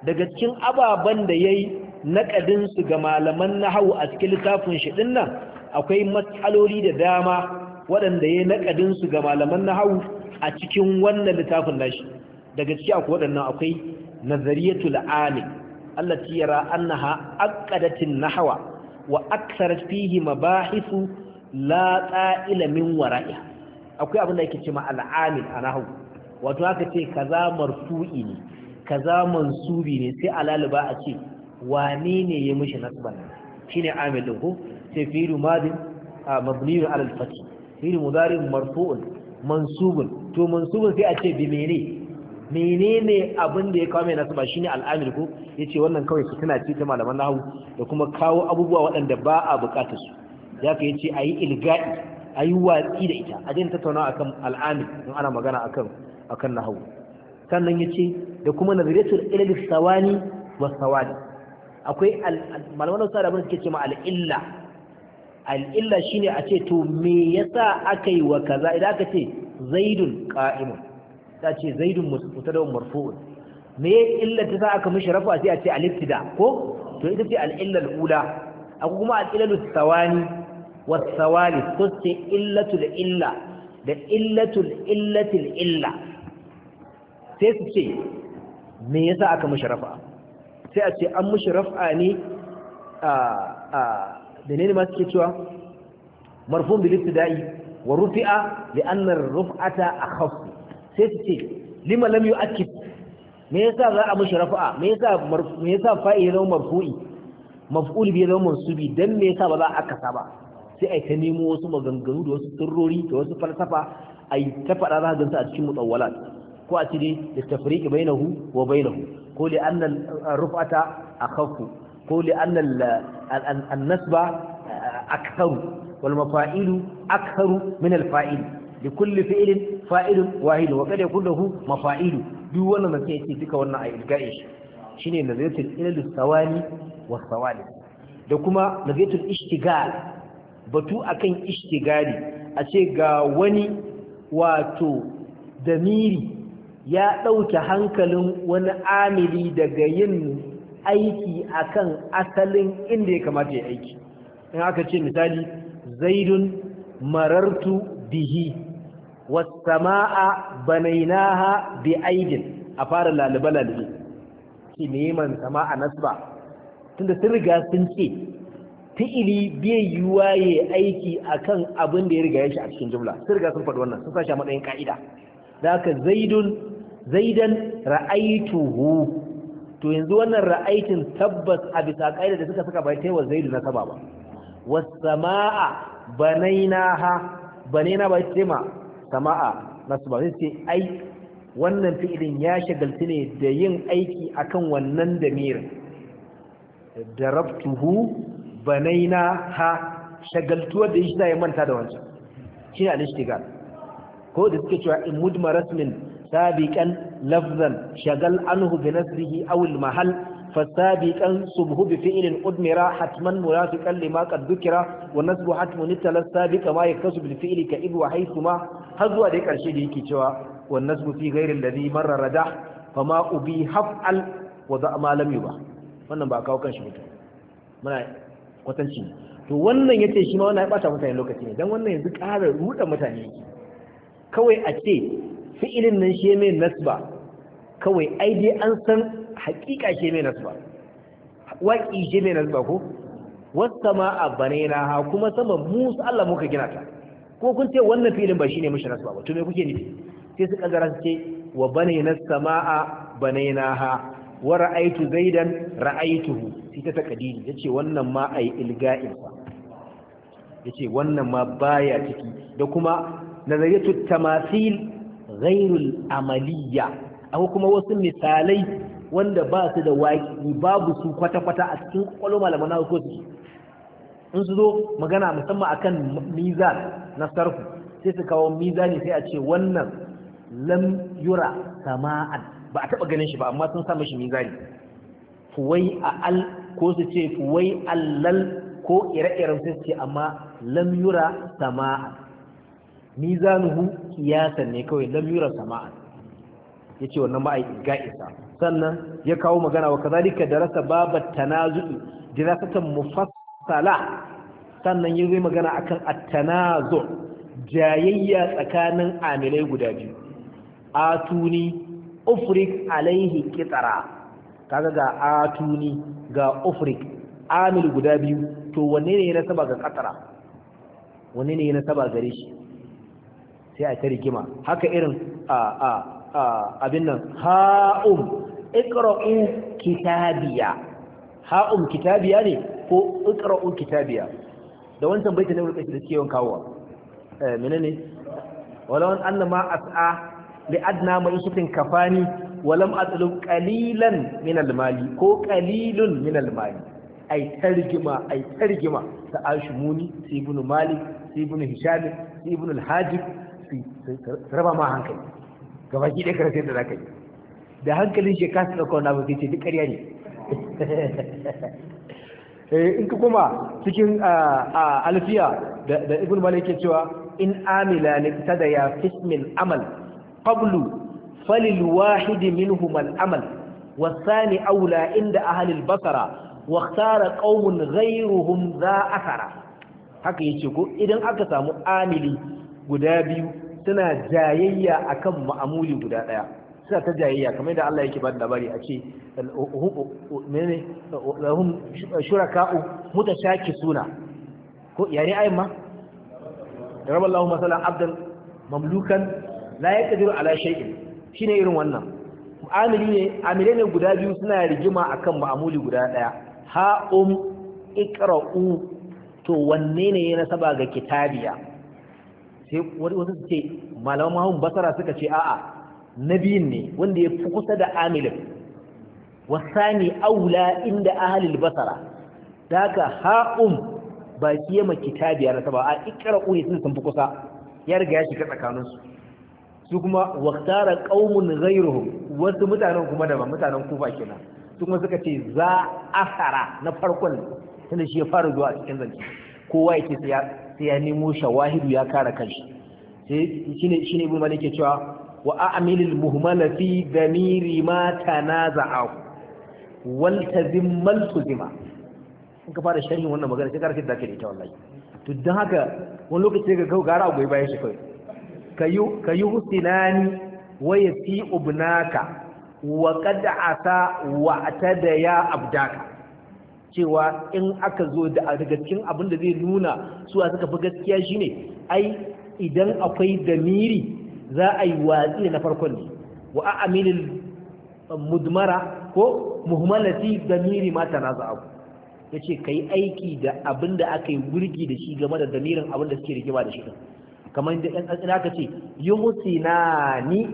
daga cikin ababan da yayi naqadin su ga malaman nahwu a cikin littafin shi dinnan akwai matsaloli da dama waɗanda yayi naqadin su ga malaman nahwu a cikin wannan littafin nashi daga ciki akwai waɗannan akwai nazariyatul alim allati yara annaha aqadatin nahwa wa aktharat fihi mabahithu la ta'ila min wara'iha akwai abin da yake cewa al-alim a nahwu wato aka ce kaza marfu'i ne kaza mansubi ne sai alaliba a ce wane ne ya mishi nasba shine amil din ko sai fi'lu madin mabniun ala al-fath fi'lu mudari marfu'un mansubun to mansubun sai a ce bi mene menene abin da ya kawo mai nasaba shine ku? ko yace wannan kawai tana ce ta malaman nahu? da kuma kawo abubuwa waɗanda ba a buƙatar su zaka yace ayi ilga'i ayi watsi da ita a jin tattauna akan al'amil in ana magana akan akan nahawu sannan ya ce, da kuma nazariyatul ilal sawani was sawali akwai malaman da abin suke ce ma al'illa. Al'illa illa shine a ce to me yasa yi wa kaza idan aka ce zaidun qa'imun ta ce zaidun mutadawun marfu'un me illa ta sa aka mishi rafa sai a ce al-ibtida ko to ita ce al-illa akwai kuma al'illa illa sawani was sawali ko ce illatul illa da illatul illatil illa sai su ce me yasa aka mishi rafa sai a ce an mishi rafa ne a a da ne ma suke cewa marfun bil ibtida'i wa rufi'a li anna ar-ruf'ata akhaf sai su ce lima lam yu'akkid me yasa za a mishi rafa me yasa me yasa fa'il zama marfu'i maf'ul bi zama mansubi dan me yasa ba za a kasa ba sai ai ta nemo wasu maganganu da wasu sirrori da wasu falsafa ai ta faɗa za a ganta a cikin mutawwalat ko a cire da tafriqi bainahu wa bai bainahu ko li annan rufata akhaffu ko li anna an-nasba aktharu wal a aktharu min al Da li kulli fi'lin fa'ilun wahid wa ya kunda lahu mafa'ilu duk wannan da yake duka wannan a shi. ilga'i shine nazatul ilal sawani wa sawali da kuma nazatul ishtigal batu akan ishtigali a ce ga wani wato damiri ya ɗauke hankalin wani amiri daga yin aiki akan asalin inda ya kamata ya aiki in aka ce misali zaidun marartu bihi wasama'a banainaha bi aidin a fara lalube-lalube ke neman sama'a nasba tunda sun riga sun ce fi'ili bai yiwuwa ya aiki akan abin da ya riga ya shi a cikin jumla sun riga sun faɗi wannan sun sashi a matsayin ka'ida da haka zaidun zaidan ra'aituhu to yanzu wannan ra'aitin tabbas a bisa ƙa'ida da suka suka bai taiwa zaidu na saba ba wasama'a banainaha banaina bai tema sama'a nasu ba sai ai wannan fi'ilin ya shagaltu ne da yin aiki akan wannan damirin darabtuhu ha! shagaltuwar da shi da ya manta da wancan shi ne al-ishtigal ko da suke cewa in mudma rasmin سابقا لفظا شغل عنه بنسره أو المحل فسابقا صبه بفعل أدمر حتما مرافقا لما قد ذكر ونسب حتم نتل السابق ما يكتسب بالفعل كإب وحيثما هذو ذلك الشيء يكي والنسب في غير الذي مر ردح فما أبي حفعل وضع ما لم يبح wannan ba kawo kanshi mutum muna kwatanci to wannan yace shi ma wannan ya bata mutane lokaci ne dan wannan yanzu ƙara ruɗa mutane yake kawai a ce fi'ilin nan shi mai nasba kawai ai dai an san haƙiƙa shi mai nasba waƙi shi mai nasba ko wasu ma a bane na ha kuma sama musu Allah muka gina ta ko kun ce wannan filin ba shi ne mashi nasba ba to me kuke nufi sai su ƙazara su ce wa bane na sama'a bane na ha wa ra'aitu zaidan ra'aituhu sai ta takadiri ya ce wannan ma a yi ilga'insa ya ce wannan ma baya ciki da kuma nazariyatu tamasil ghairul amaliya akwai kuma wasu misalai wanda ba su da waƙi babu su kwata-kwata a cikin kwakwalwar malaman na ko su in su zo magana musamman akan mizan na sarku sai su kawo mizani sai a ce wannan lam yura sama'an ba a taɓa ganin shi ba amma sun sa shi mizani fuwai a al ko su ce fuwai allal ko ire-iren sai su ce amma lam yura sama'an mizanuhu kiyasan ne kawai lam yura sama'an yace wannan ba ai ga'isa sannan ya kawo magana wa kazalika darasa babat tanazu'i dirasatan mufassala sannan ya zai magana akan at-tanazu jayayya tsakanin amilai guda biyu atuni ufrik alaihi kitara kaga ga atuni ga ufrik amil guda biyu to wanne ne ya nasaba ga katara wanne ne ya nasaba gare shi sai a ta rigima haka irin a a a abin nan ha'um iqra'u kitabiya ha'um kitabiya ne ko iqra'u kitabiya da wancan baita ne rubuce da ciwon kawo eh menene walau annama as'a li adna ma'ishatin kafani walam atlub qalilan min almali ko qalilun min almali ai tarjuma ai tarjuma ta ashmuni ibn malik ibn hisham ibn alhajib su raba ma hankali gaba ki ɗaya karfe da za ka yi da hankalin shi ka su ɗauka wani sai ce duk ƙarya ne eh, in ka koma cikin alfiya da ibn malik ke cewa in amila ne ta da ya fismin amal qablu falil wahidi minhum al amal wasani aula inda ahlil basara wa ikhtara qaumun ghayruhum za athara haka yace ko idan aka samu amili guda biyu suna jayayya akan ma'amuli guda daya suna ta jayayya kamar yadda Allah yake ba da labari a ce menene lahum shuraka'u suna. ko yare ayin ma rabbal lahu masalan abdan mamlukan la yaqdiru ala shay'in shine irin wannan amili ne amile ne guda biyu suna rigima akan ma'amuli guda daya ha um iqra'u to wanne ne ya nasaba ga kitabiya sai wasu su malaman mahun basara suka ce a'a nabiyin ne wanda ya fi kusa da amilin wasani aula inda ahalil basara ta haka ha'un ba shi yama kitabiya na saba a ikkara ƙuri sun sun fi kusa ya riga ya shiga tsakaninsu su kuma waktara ƙaumun zairuhum wasu mutanen kuma da mutanen kufa kenan su kuma suka ce za asara na farkon tana shi ya fara zuwa a cikin zance kowa yake sai sai ya nemo shawahidu ya kare kanshi sai shine shine ibn malik ke cewa wa a'milil muhmala fi damiri ma tanaza'u wal tazim mal tuzima in ka fara sharhin wannan magana sai karfi da kake ita wallahi to dan haka wani lokaci ga gara goyi bayan shi kai kayu kayu hustinani wa yasi ibnaka wa qad asa wa atada ya abdaka cewa in aka zo da daga cikin abin da zai nuna su a suka fi gaskiya shine ai idan akwai damiri za a yi watsi na farkon ne wa a aminin mudmara ko muhimmanci damiri mata na za'a ya ce ka yi aiki da abin da aka yi wurgi da shi game da damirin abin da suke rigima da shi ɗin kamar da ɗan ƙasina aka ce yi husina ni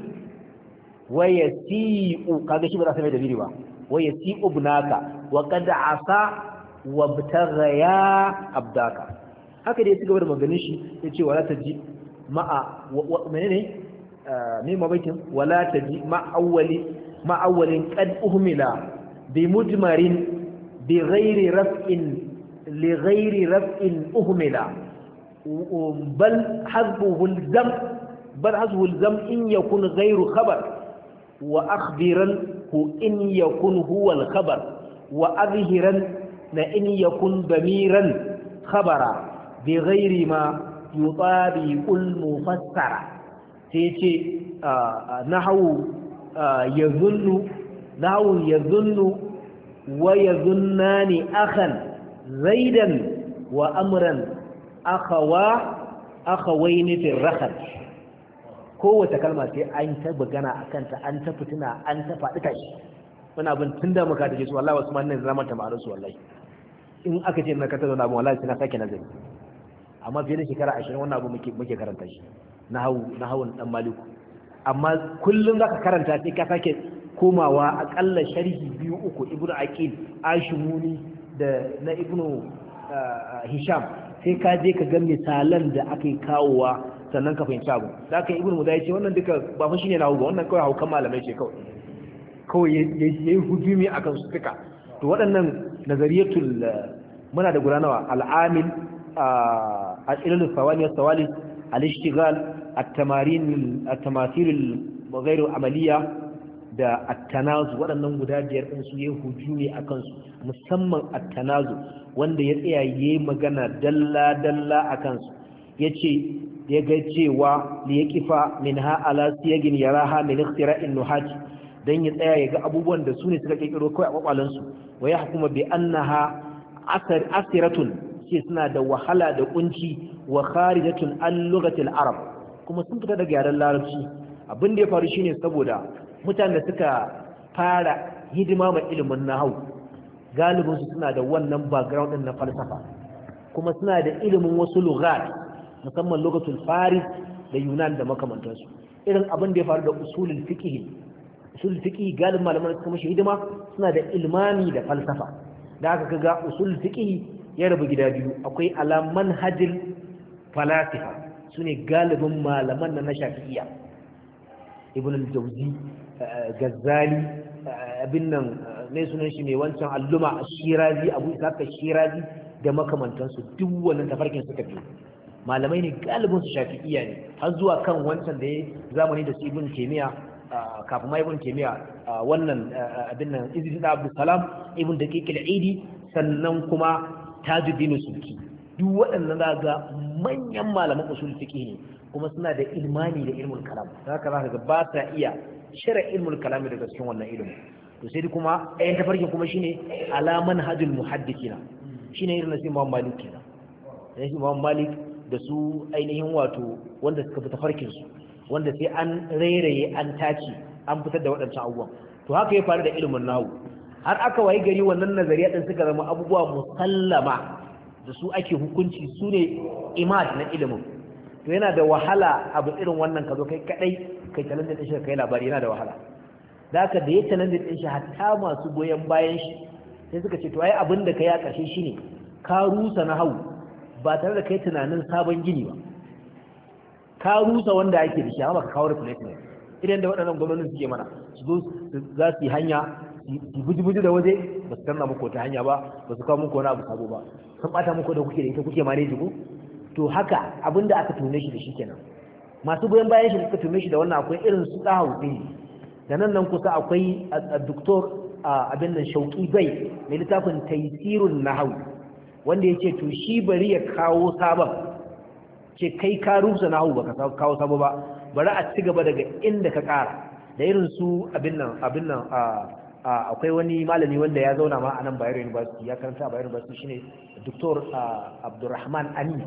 waya si'u kaga shi ba za su mai damiri ba waya si'u bunaka wa qad asa wa abdaka haka dai cigaba da maganin shi yace wala taji ma'a menene me mabaitin wala taji ma awwali ma qad uhmila bi mujmarin bi ghairi raf'in li ghairi raf'in uhmila بل حذفه الزم بل حذفه الزم إن wa غير خبر in إن يكون هو الخبر wa azhiran na in yakun damiran khabara bi ghairi ma yutabiqul mufassara sai ce nahawu yazunnu nahawu yazunnu wa yazunnani akhan zaidan wa amran akhawa akhawaini fil rakhal kowace kalma sai an ta bugana akanta an ta fitina an ta faɗi wani abin tun da muka da su wallahi wasu mannan zaman ta ma'anar wallahi in aka ce na ka tazo na abin wallahi sai na sake nazari amma fiye da shekara ashirin wannan abu muke karanta shi na hau na hawan dan maliku amma kullum zaka karanta sai ka sake komawa akalla sharhi biyu uku ibnu aqil ashimuni da na ibnu uh, uh, hisham sai ka je ka ga misalan da aka yi kawowa sannan ka fahimci abu da aka yi ibnu mudai ce wannan duka ba fa shine na hau ba wannan kawai haukan malamai ce kawai kawai yayi hujumi a kan duka to waɗannan nazariyatul muna da guda nawa al'amil a ilil sawali sawali al-ishtighal at-tamarin at-tamathil amaliya da at-tanazu waɗannan guda biyar din su yayi hujumi akan su musamman at-tanazu wanda ya tsaya yayi magana dalla dalla akan su yace ya ga cewa li yaqifa minha ala siyagin yaraha min ikhtira'in nuhati dan ya tsaya ya ga abubuwan da su ne suka kirkiro kawai a kwakwalansu wa ya hukuma bi annaha asiratun ce suna da wahala da kunci wa kharijatun an lughatil arab kuma sun fita daga yaren larabci abin da ya faru shine saboda mutanen da suka fara hidima ma ilimin nahau galibin su suna da wannan background din na falsafa kuma suna da ilimin wasu lughat musamman lokacin faris da yunan da makamantansu irin abin da ya faru da usulul fiqh usul fiqi galibin malaman suka mashi hidima suna da ilmami da falsafa da aka kaga usul fiqi ya rabu gida biyu akwai ala manhajil falasifa ne galibin malaman na shafi'iyya ibn al-jawzi eh, gazzali eh, abin nan eh, mai sunan shi ne wancan alluma shirazi abu isaka shirazi da makamantansu duk wannan tafarkin suka biyu malamai ne galibin su shafi'iyya ne har zuwa kan wancan da ya zamani da su ibn kimiyya kafin ma ibn taymiya wannan abin nan izin da abdul salam ibn sannan kuma tajuddin sulki duk waɗannan za ga manyan malaman usul fiqh ne kuma suna da ilmani da ilmul kalam haka za ga ba ta iya shara ilmul kalam daga cikin wannan ilimi to sai kuma ɗayan tafarkin kuma shine ala manhajul muhaddithina shine irin nasi Imam Malik kenan nasi Imam Malik da su ainihin wato wanda suka fi tafarkin su wanda sai an rairaye an tace an fitar da waɗancan abubuwan to haka ya faru da ilimin nahu har aka wayi gari wannan nazariya din suka zama abubuwa musallama da su ake hukunci su ne imad na ilimin to yana da wahala abu irin wannan ka zo kai kadai kai talanta din shi kai labari yana da wahala zaka da ya talanta din shi hatta masu goyen bayan shi sai suka ce to ai abin da kai a ƙarshe ne. ka rusa na hau ba tare da kai tunanin sabon gini ba ka rusa wanda ake da shi amma ka kawo ne idan da waɗannan gwamnati suke mana su zo za su yi hanya su buji-buji da waje ba su kanna muku wata hanya ba ba su kawo muku wani abu sabo ba sun ɓata muku da kuke da ita kuke maneji ku to haka abin da aka tume shi da shi kenan masu goyon bayan shi da suka tume shi da wannan akwai irin su ɗaha ne. da nan nan kusa akwai a doktor abin nan shauƙi bai mai littafin taisirun hau. wanda ya ce to shi bari ya kawo sabon ce kai ka rubuta nahu ba ka kawo sabo ba bari a ci gaba daga inda ka ƙara da irin su abin nan abin nan akwai wani malami wanda ya zauna ma a nan Bayero University ya karanta a Bayero University shine Dr. Abdulrahman Ali.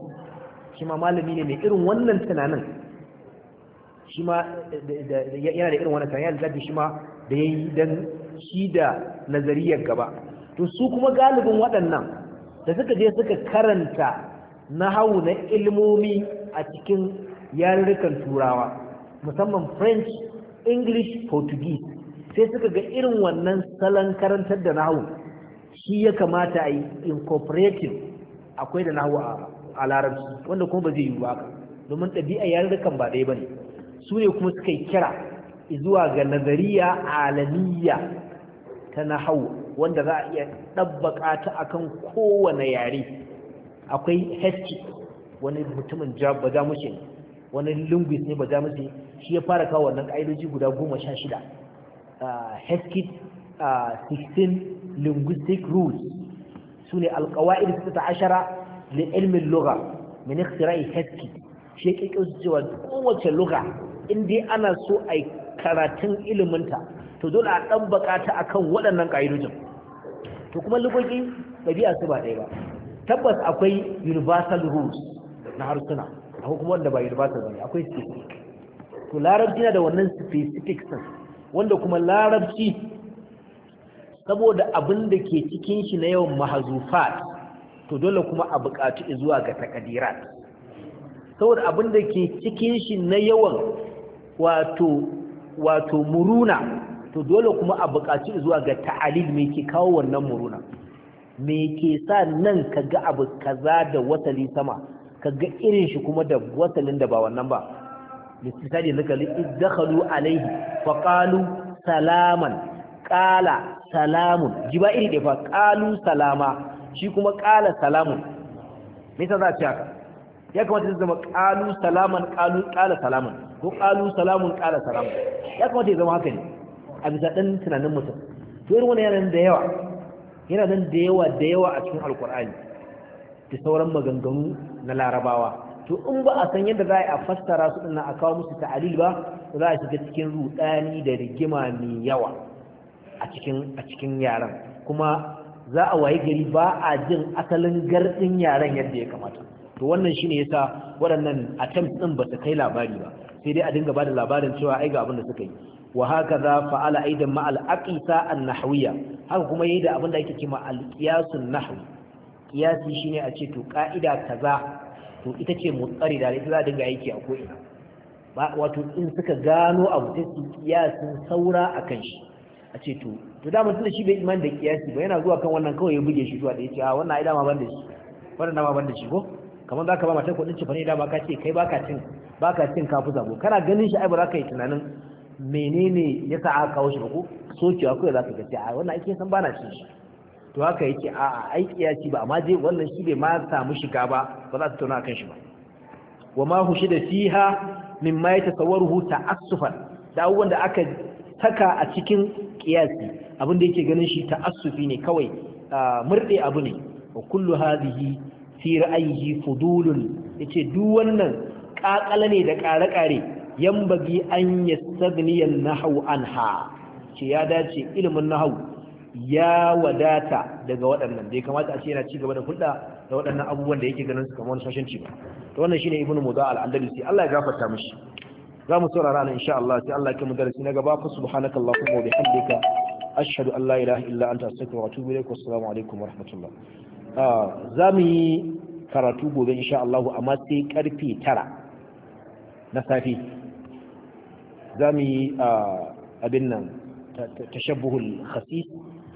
shi ma malami ne mai irin wannan tunanin shi ma yana da irin wannan tunanin yana da shi ma da yayi dan shi da nazariyar gaba to su kuma galibin waɗannan da suka je suka karanta na hau na ilmomi a cikin yarurrukan turawa musamman french english portuguese sai suka ga irin wannan salon karantar da nahu shi ya kamata a yi incorporating akwai da nahu a larabci wanda kuma ba zai yiwu haka domin ɗabi'a yarurrukan ba ɗaya ba ne su ne kuma suka yi kira zuwa ga nazariya alamiya ta nahu wanda za a iya ɗabbaƙa ta akan kowane yare akwai hesti wani mutumin ba za wani linguist ne ba shi ya fara kawo wannan ƙa'idoji guda goma sha shida heskit ah, ah, 16 linguistic rules su ne alƙawa'id su ta ashara da ilmin lugha min ikhtirai heskit shi ya ƙirƙiro cewa kowace lugha in dai ana so a yi karatun iliminta to dole a ɗan bakata akan waɗannan ƙa'idojin to kuma lugogi ɗabi'a su ba ɗaya ba tabbas akwai universal rules na harsuna akwai kuma wanda ba universal ba ne, akwai specific to larabci na da wannan specific sun wanda kuma larabci saboda abin da ke cikin shi na yawan mahazufat to dole kuma a buƙatu zuwa ga takadirat saboda abin da ke cikin shi na yawan wato wato muruna to dole kuma a buƙaci zuwa ga ta'alil mai ke kawo wannan muruna me ke sa nan ka ga abu kaza da watali sama ka ga irin shi kuma da watalin da ba wannan ba misali zaka kalli idkhalu alaihi fa qalu salaman qala salamun ji ba iri da fa qalu salama shi kuma qala salamun me yasa za a ci haka ya kamata ya zama qalu salaman qalu qala salaman ko qalu salamun qala salamun ya kamata ya zama haka ne a bisa dan tunanin mutum to irin wannan yana da yawa yana nan da yawa da yawa a cikin alkur'ani da sauran maganganu na larabawa to in ba a san yadda za a fassara su dinnan a kawo musu ta'alil ba za a shiga cikin rudani da rigima mai yawa a cikin a cikin yaran kuma za a waye gari ba a jin asalin gardin yaran yadda ya kamata to wannan shine yasa waɗannan attempts din ba su kai labari ba sai dai a dinga bada labarin cewa ai ga abin da suka yi wa haka za fa'ala aidan ma al-aqisa an-nahwiyya haka kuma yayi da abin da ake cewa al-qiyasun nahwi qiyasi shine a ce to ka'ida kaza to ita ce mutsari da ita za a dinga aiki a ko'ina ba wato in suka gano abu su qiyasin saura akan shi a ce to to da mutum shi bai iman da qiyasi ba yana zuwa kan wannan kawai ya buge shi zuwa da yace a ah, wannan ai dama ban da shi wannan dama ban da shi ko kamar zaka ba matar kudin ne dama ka ce kai baka cin baka cin kafu zabo kana ganin shi ai ba za ka yi tunanin menene ya sa aka kawo shi ba so cewa kawai za ka gaci a wannan aiki san ba cin shi to haka yake a aiki ya ci ba amma je wannan shi bai ma samu shiga ba ba za ta tauna kan shi ba wa ma hushi da fiha min ma yatasawwaruhu ta'assufan da abubuwan da aka saka a cikin kiyasi abin da yake ganin shi ta'assufi ne kawai murde abu ne wa kullu hadhihi fi ra'ayihi fudulun yace duk wannan kakala ne da kare-kare yambagi an yastagniyan nahau anha ce ya dace ilimin nahau ya wadata daga waɗannan da ya kamata a ce yana ci gaba da hulɗa da waɗannan abubuwan da yake ganin su kamar shashanci ba to wannan shine ibnu muda al-andalusi Allah ya gafarta mishi za mu saurara nan insha Allah sai Allah ya kai mu darasi na gaba fa subhanakallahumma wa bihamdika ashhadu an la ilaha illa anta astaghfiruka wa atubu ilaik wassalamu alaikum wa rahmatullah ah, za mu yi karatu gobe insha Allah amma sai karfe 9 na safe za mu yi ah, abin nan tashabbuhul khasis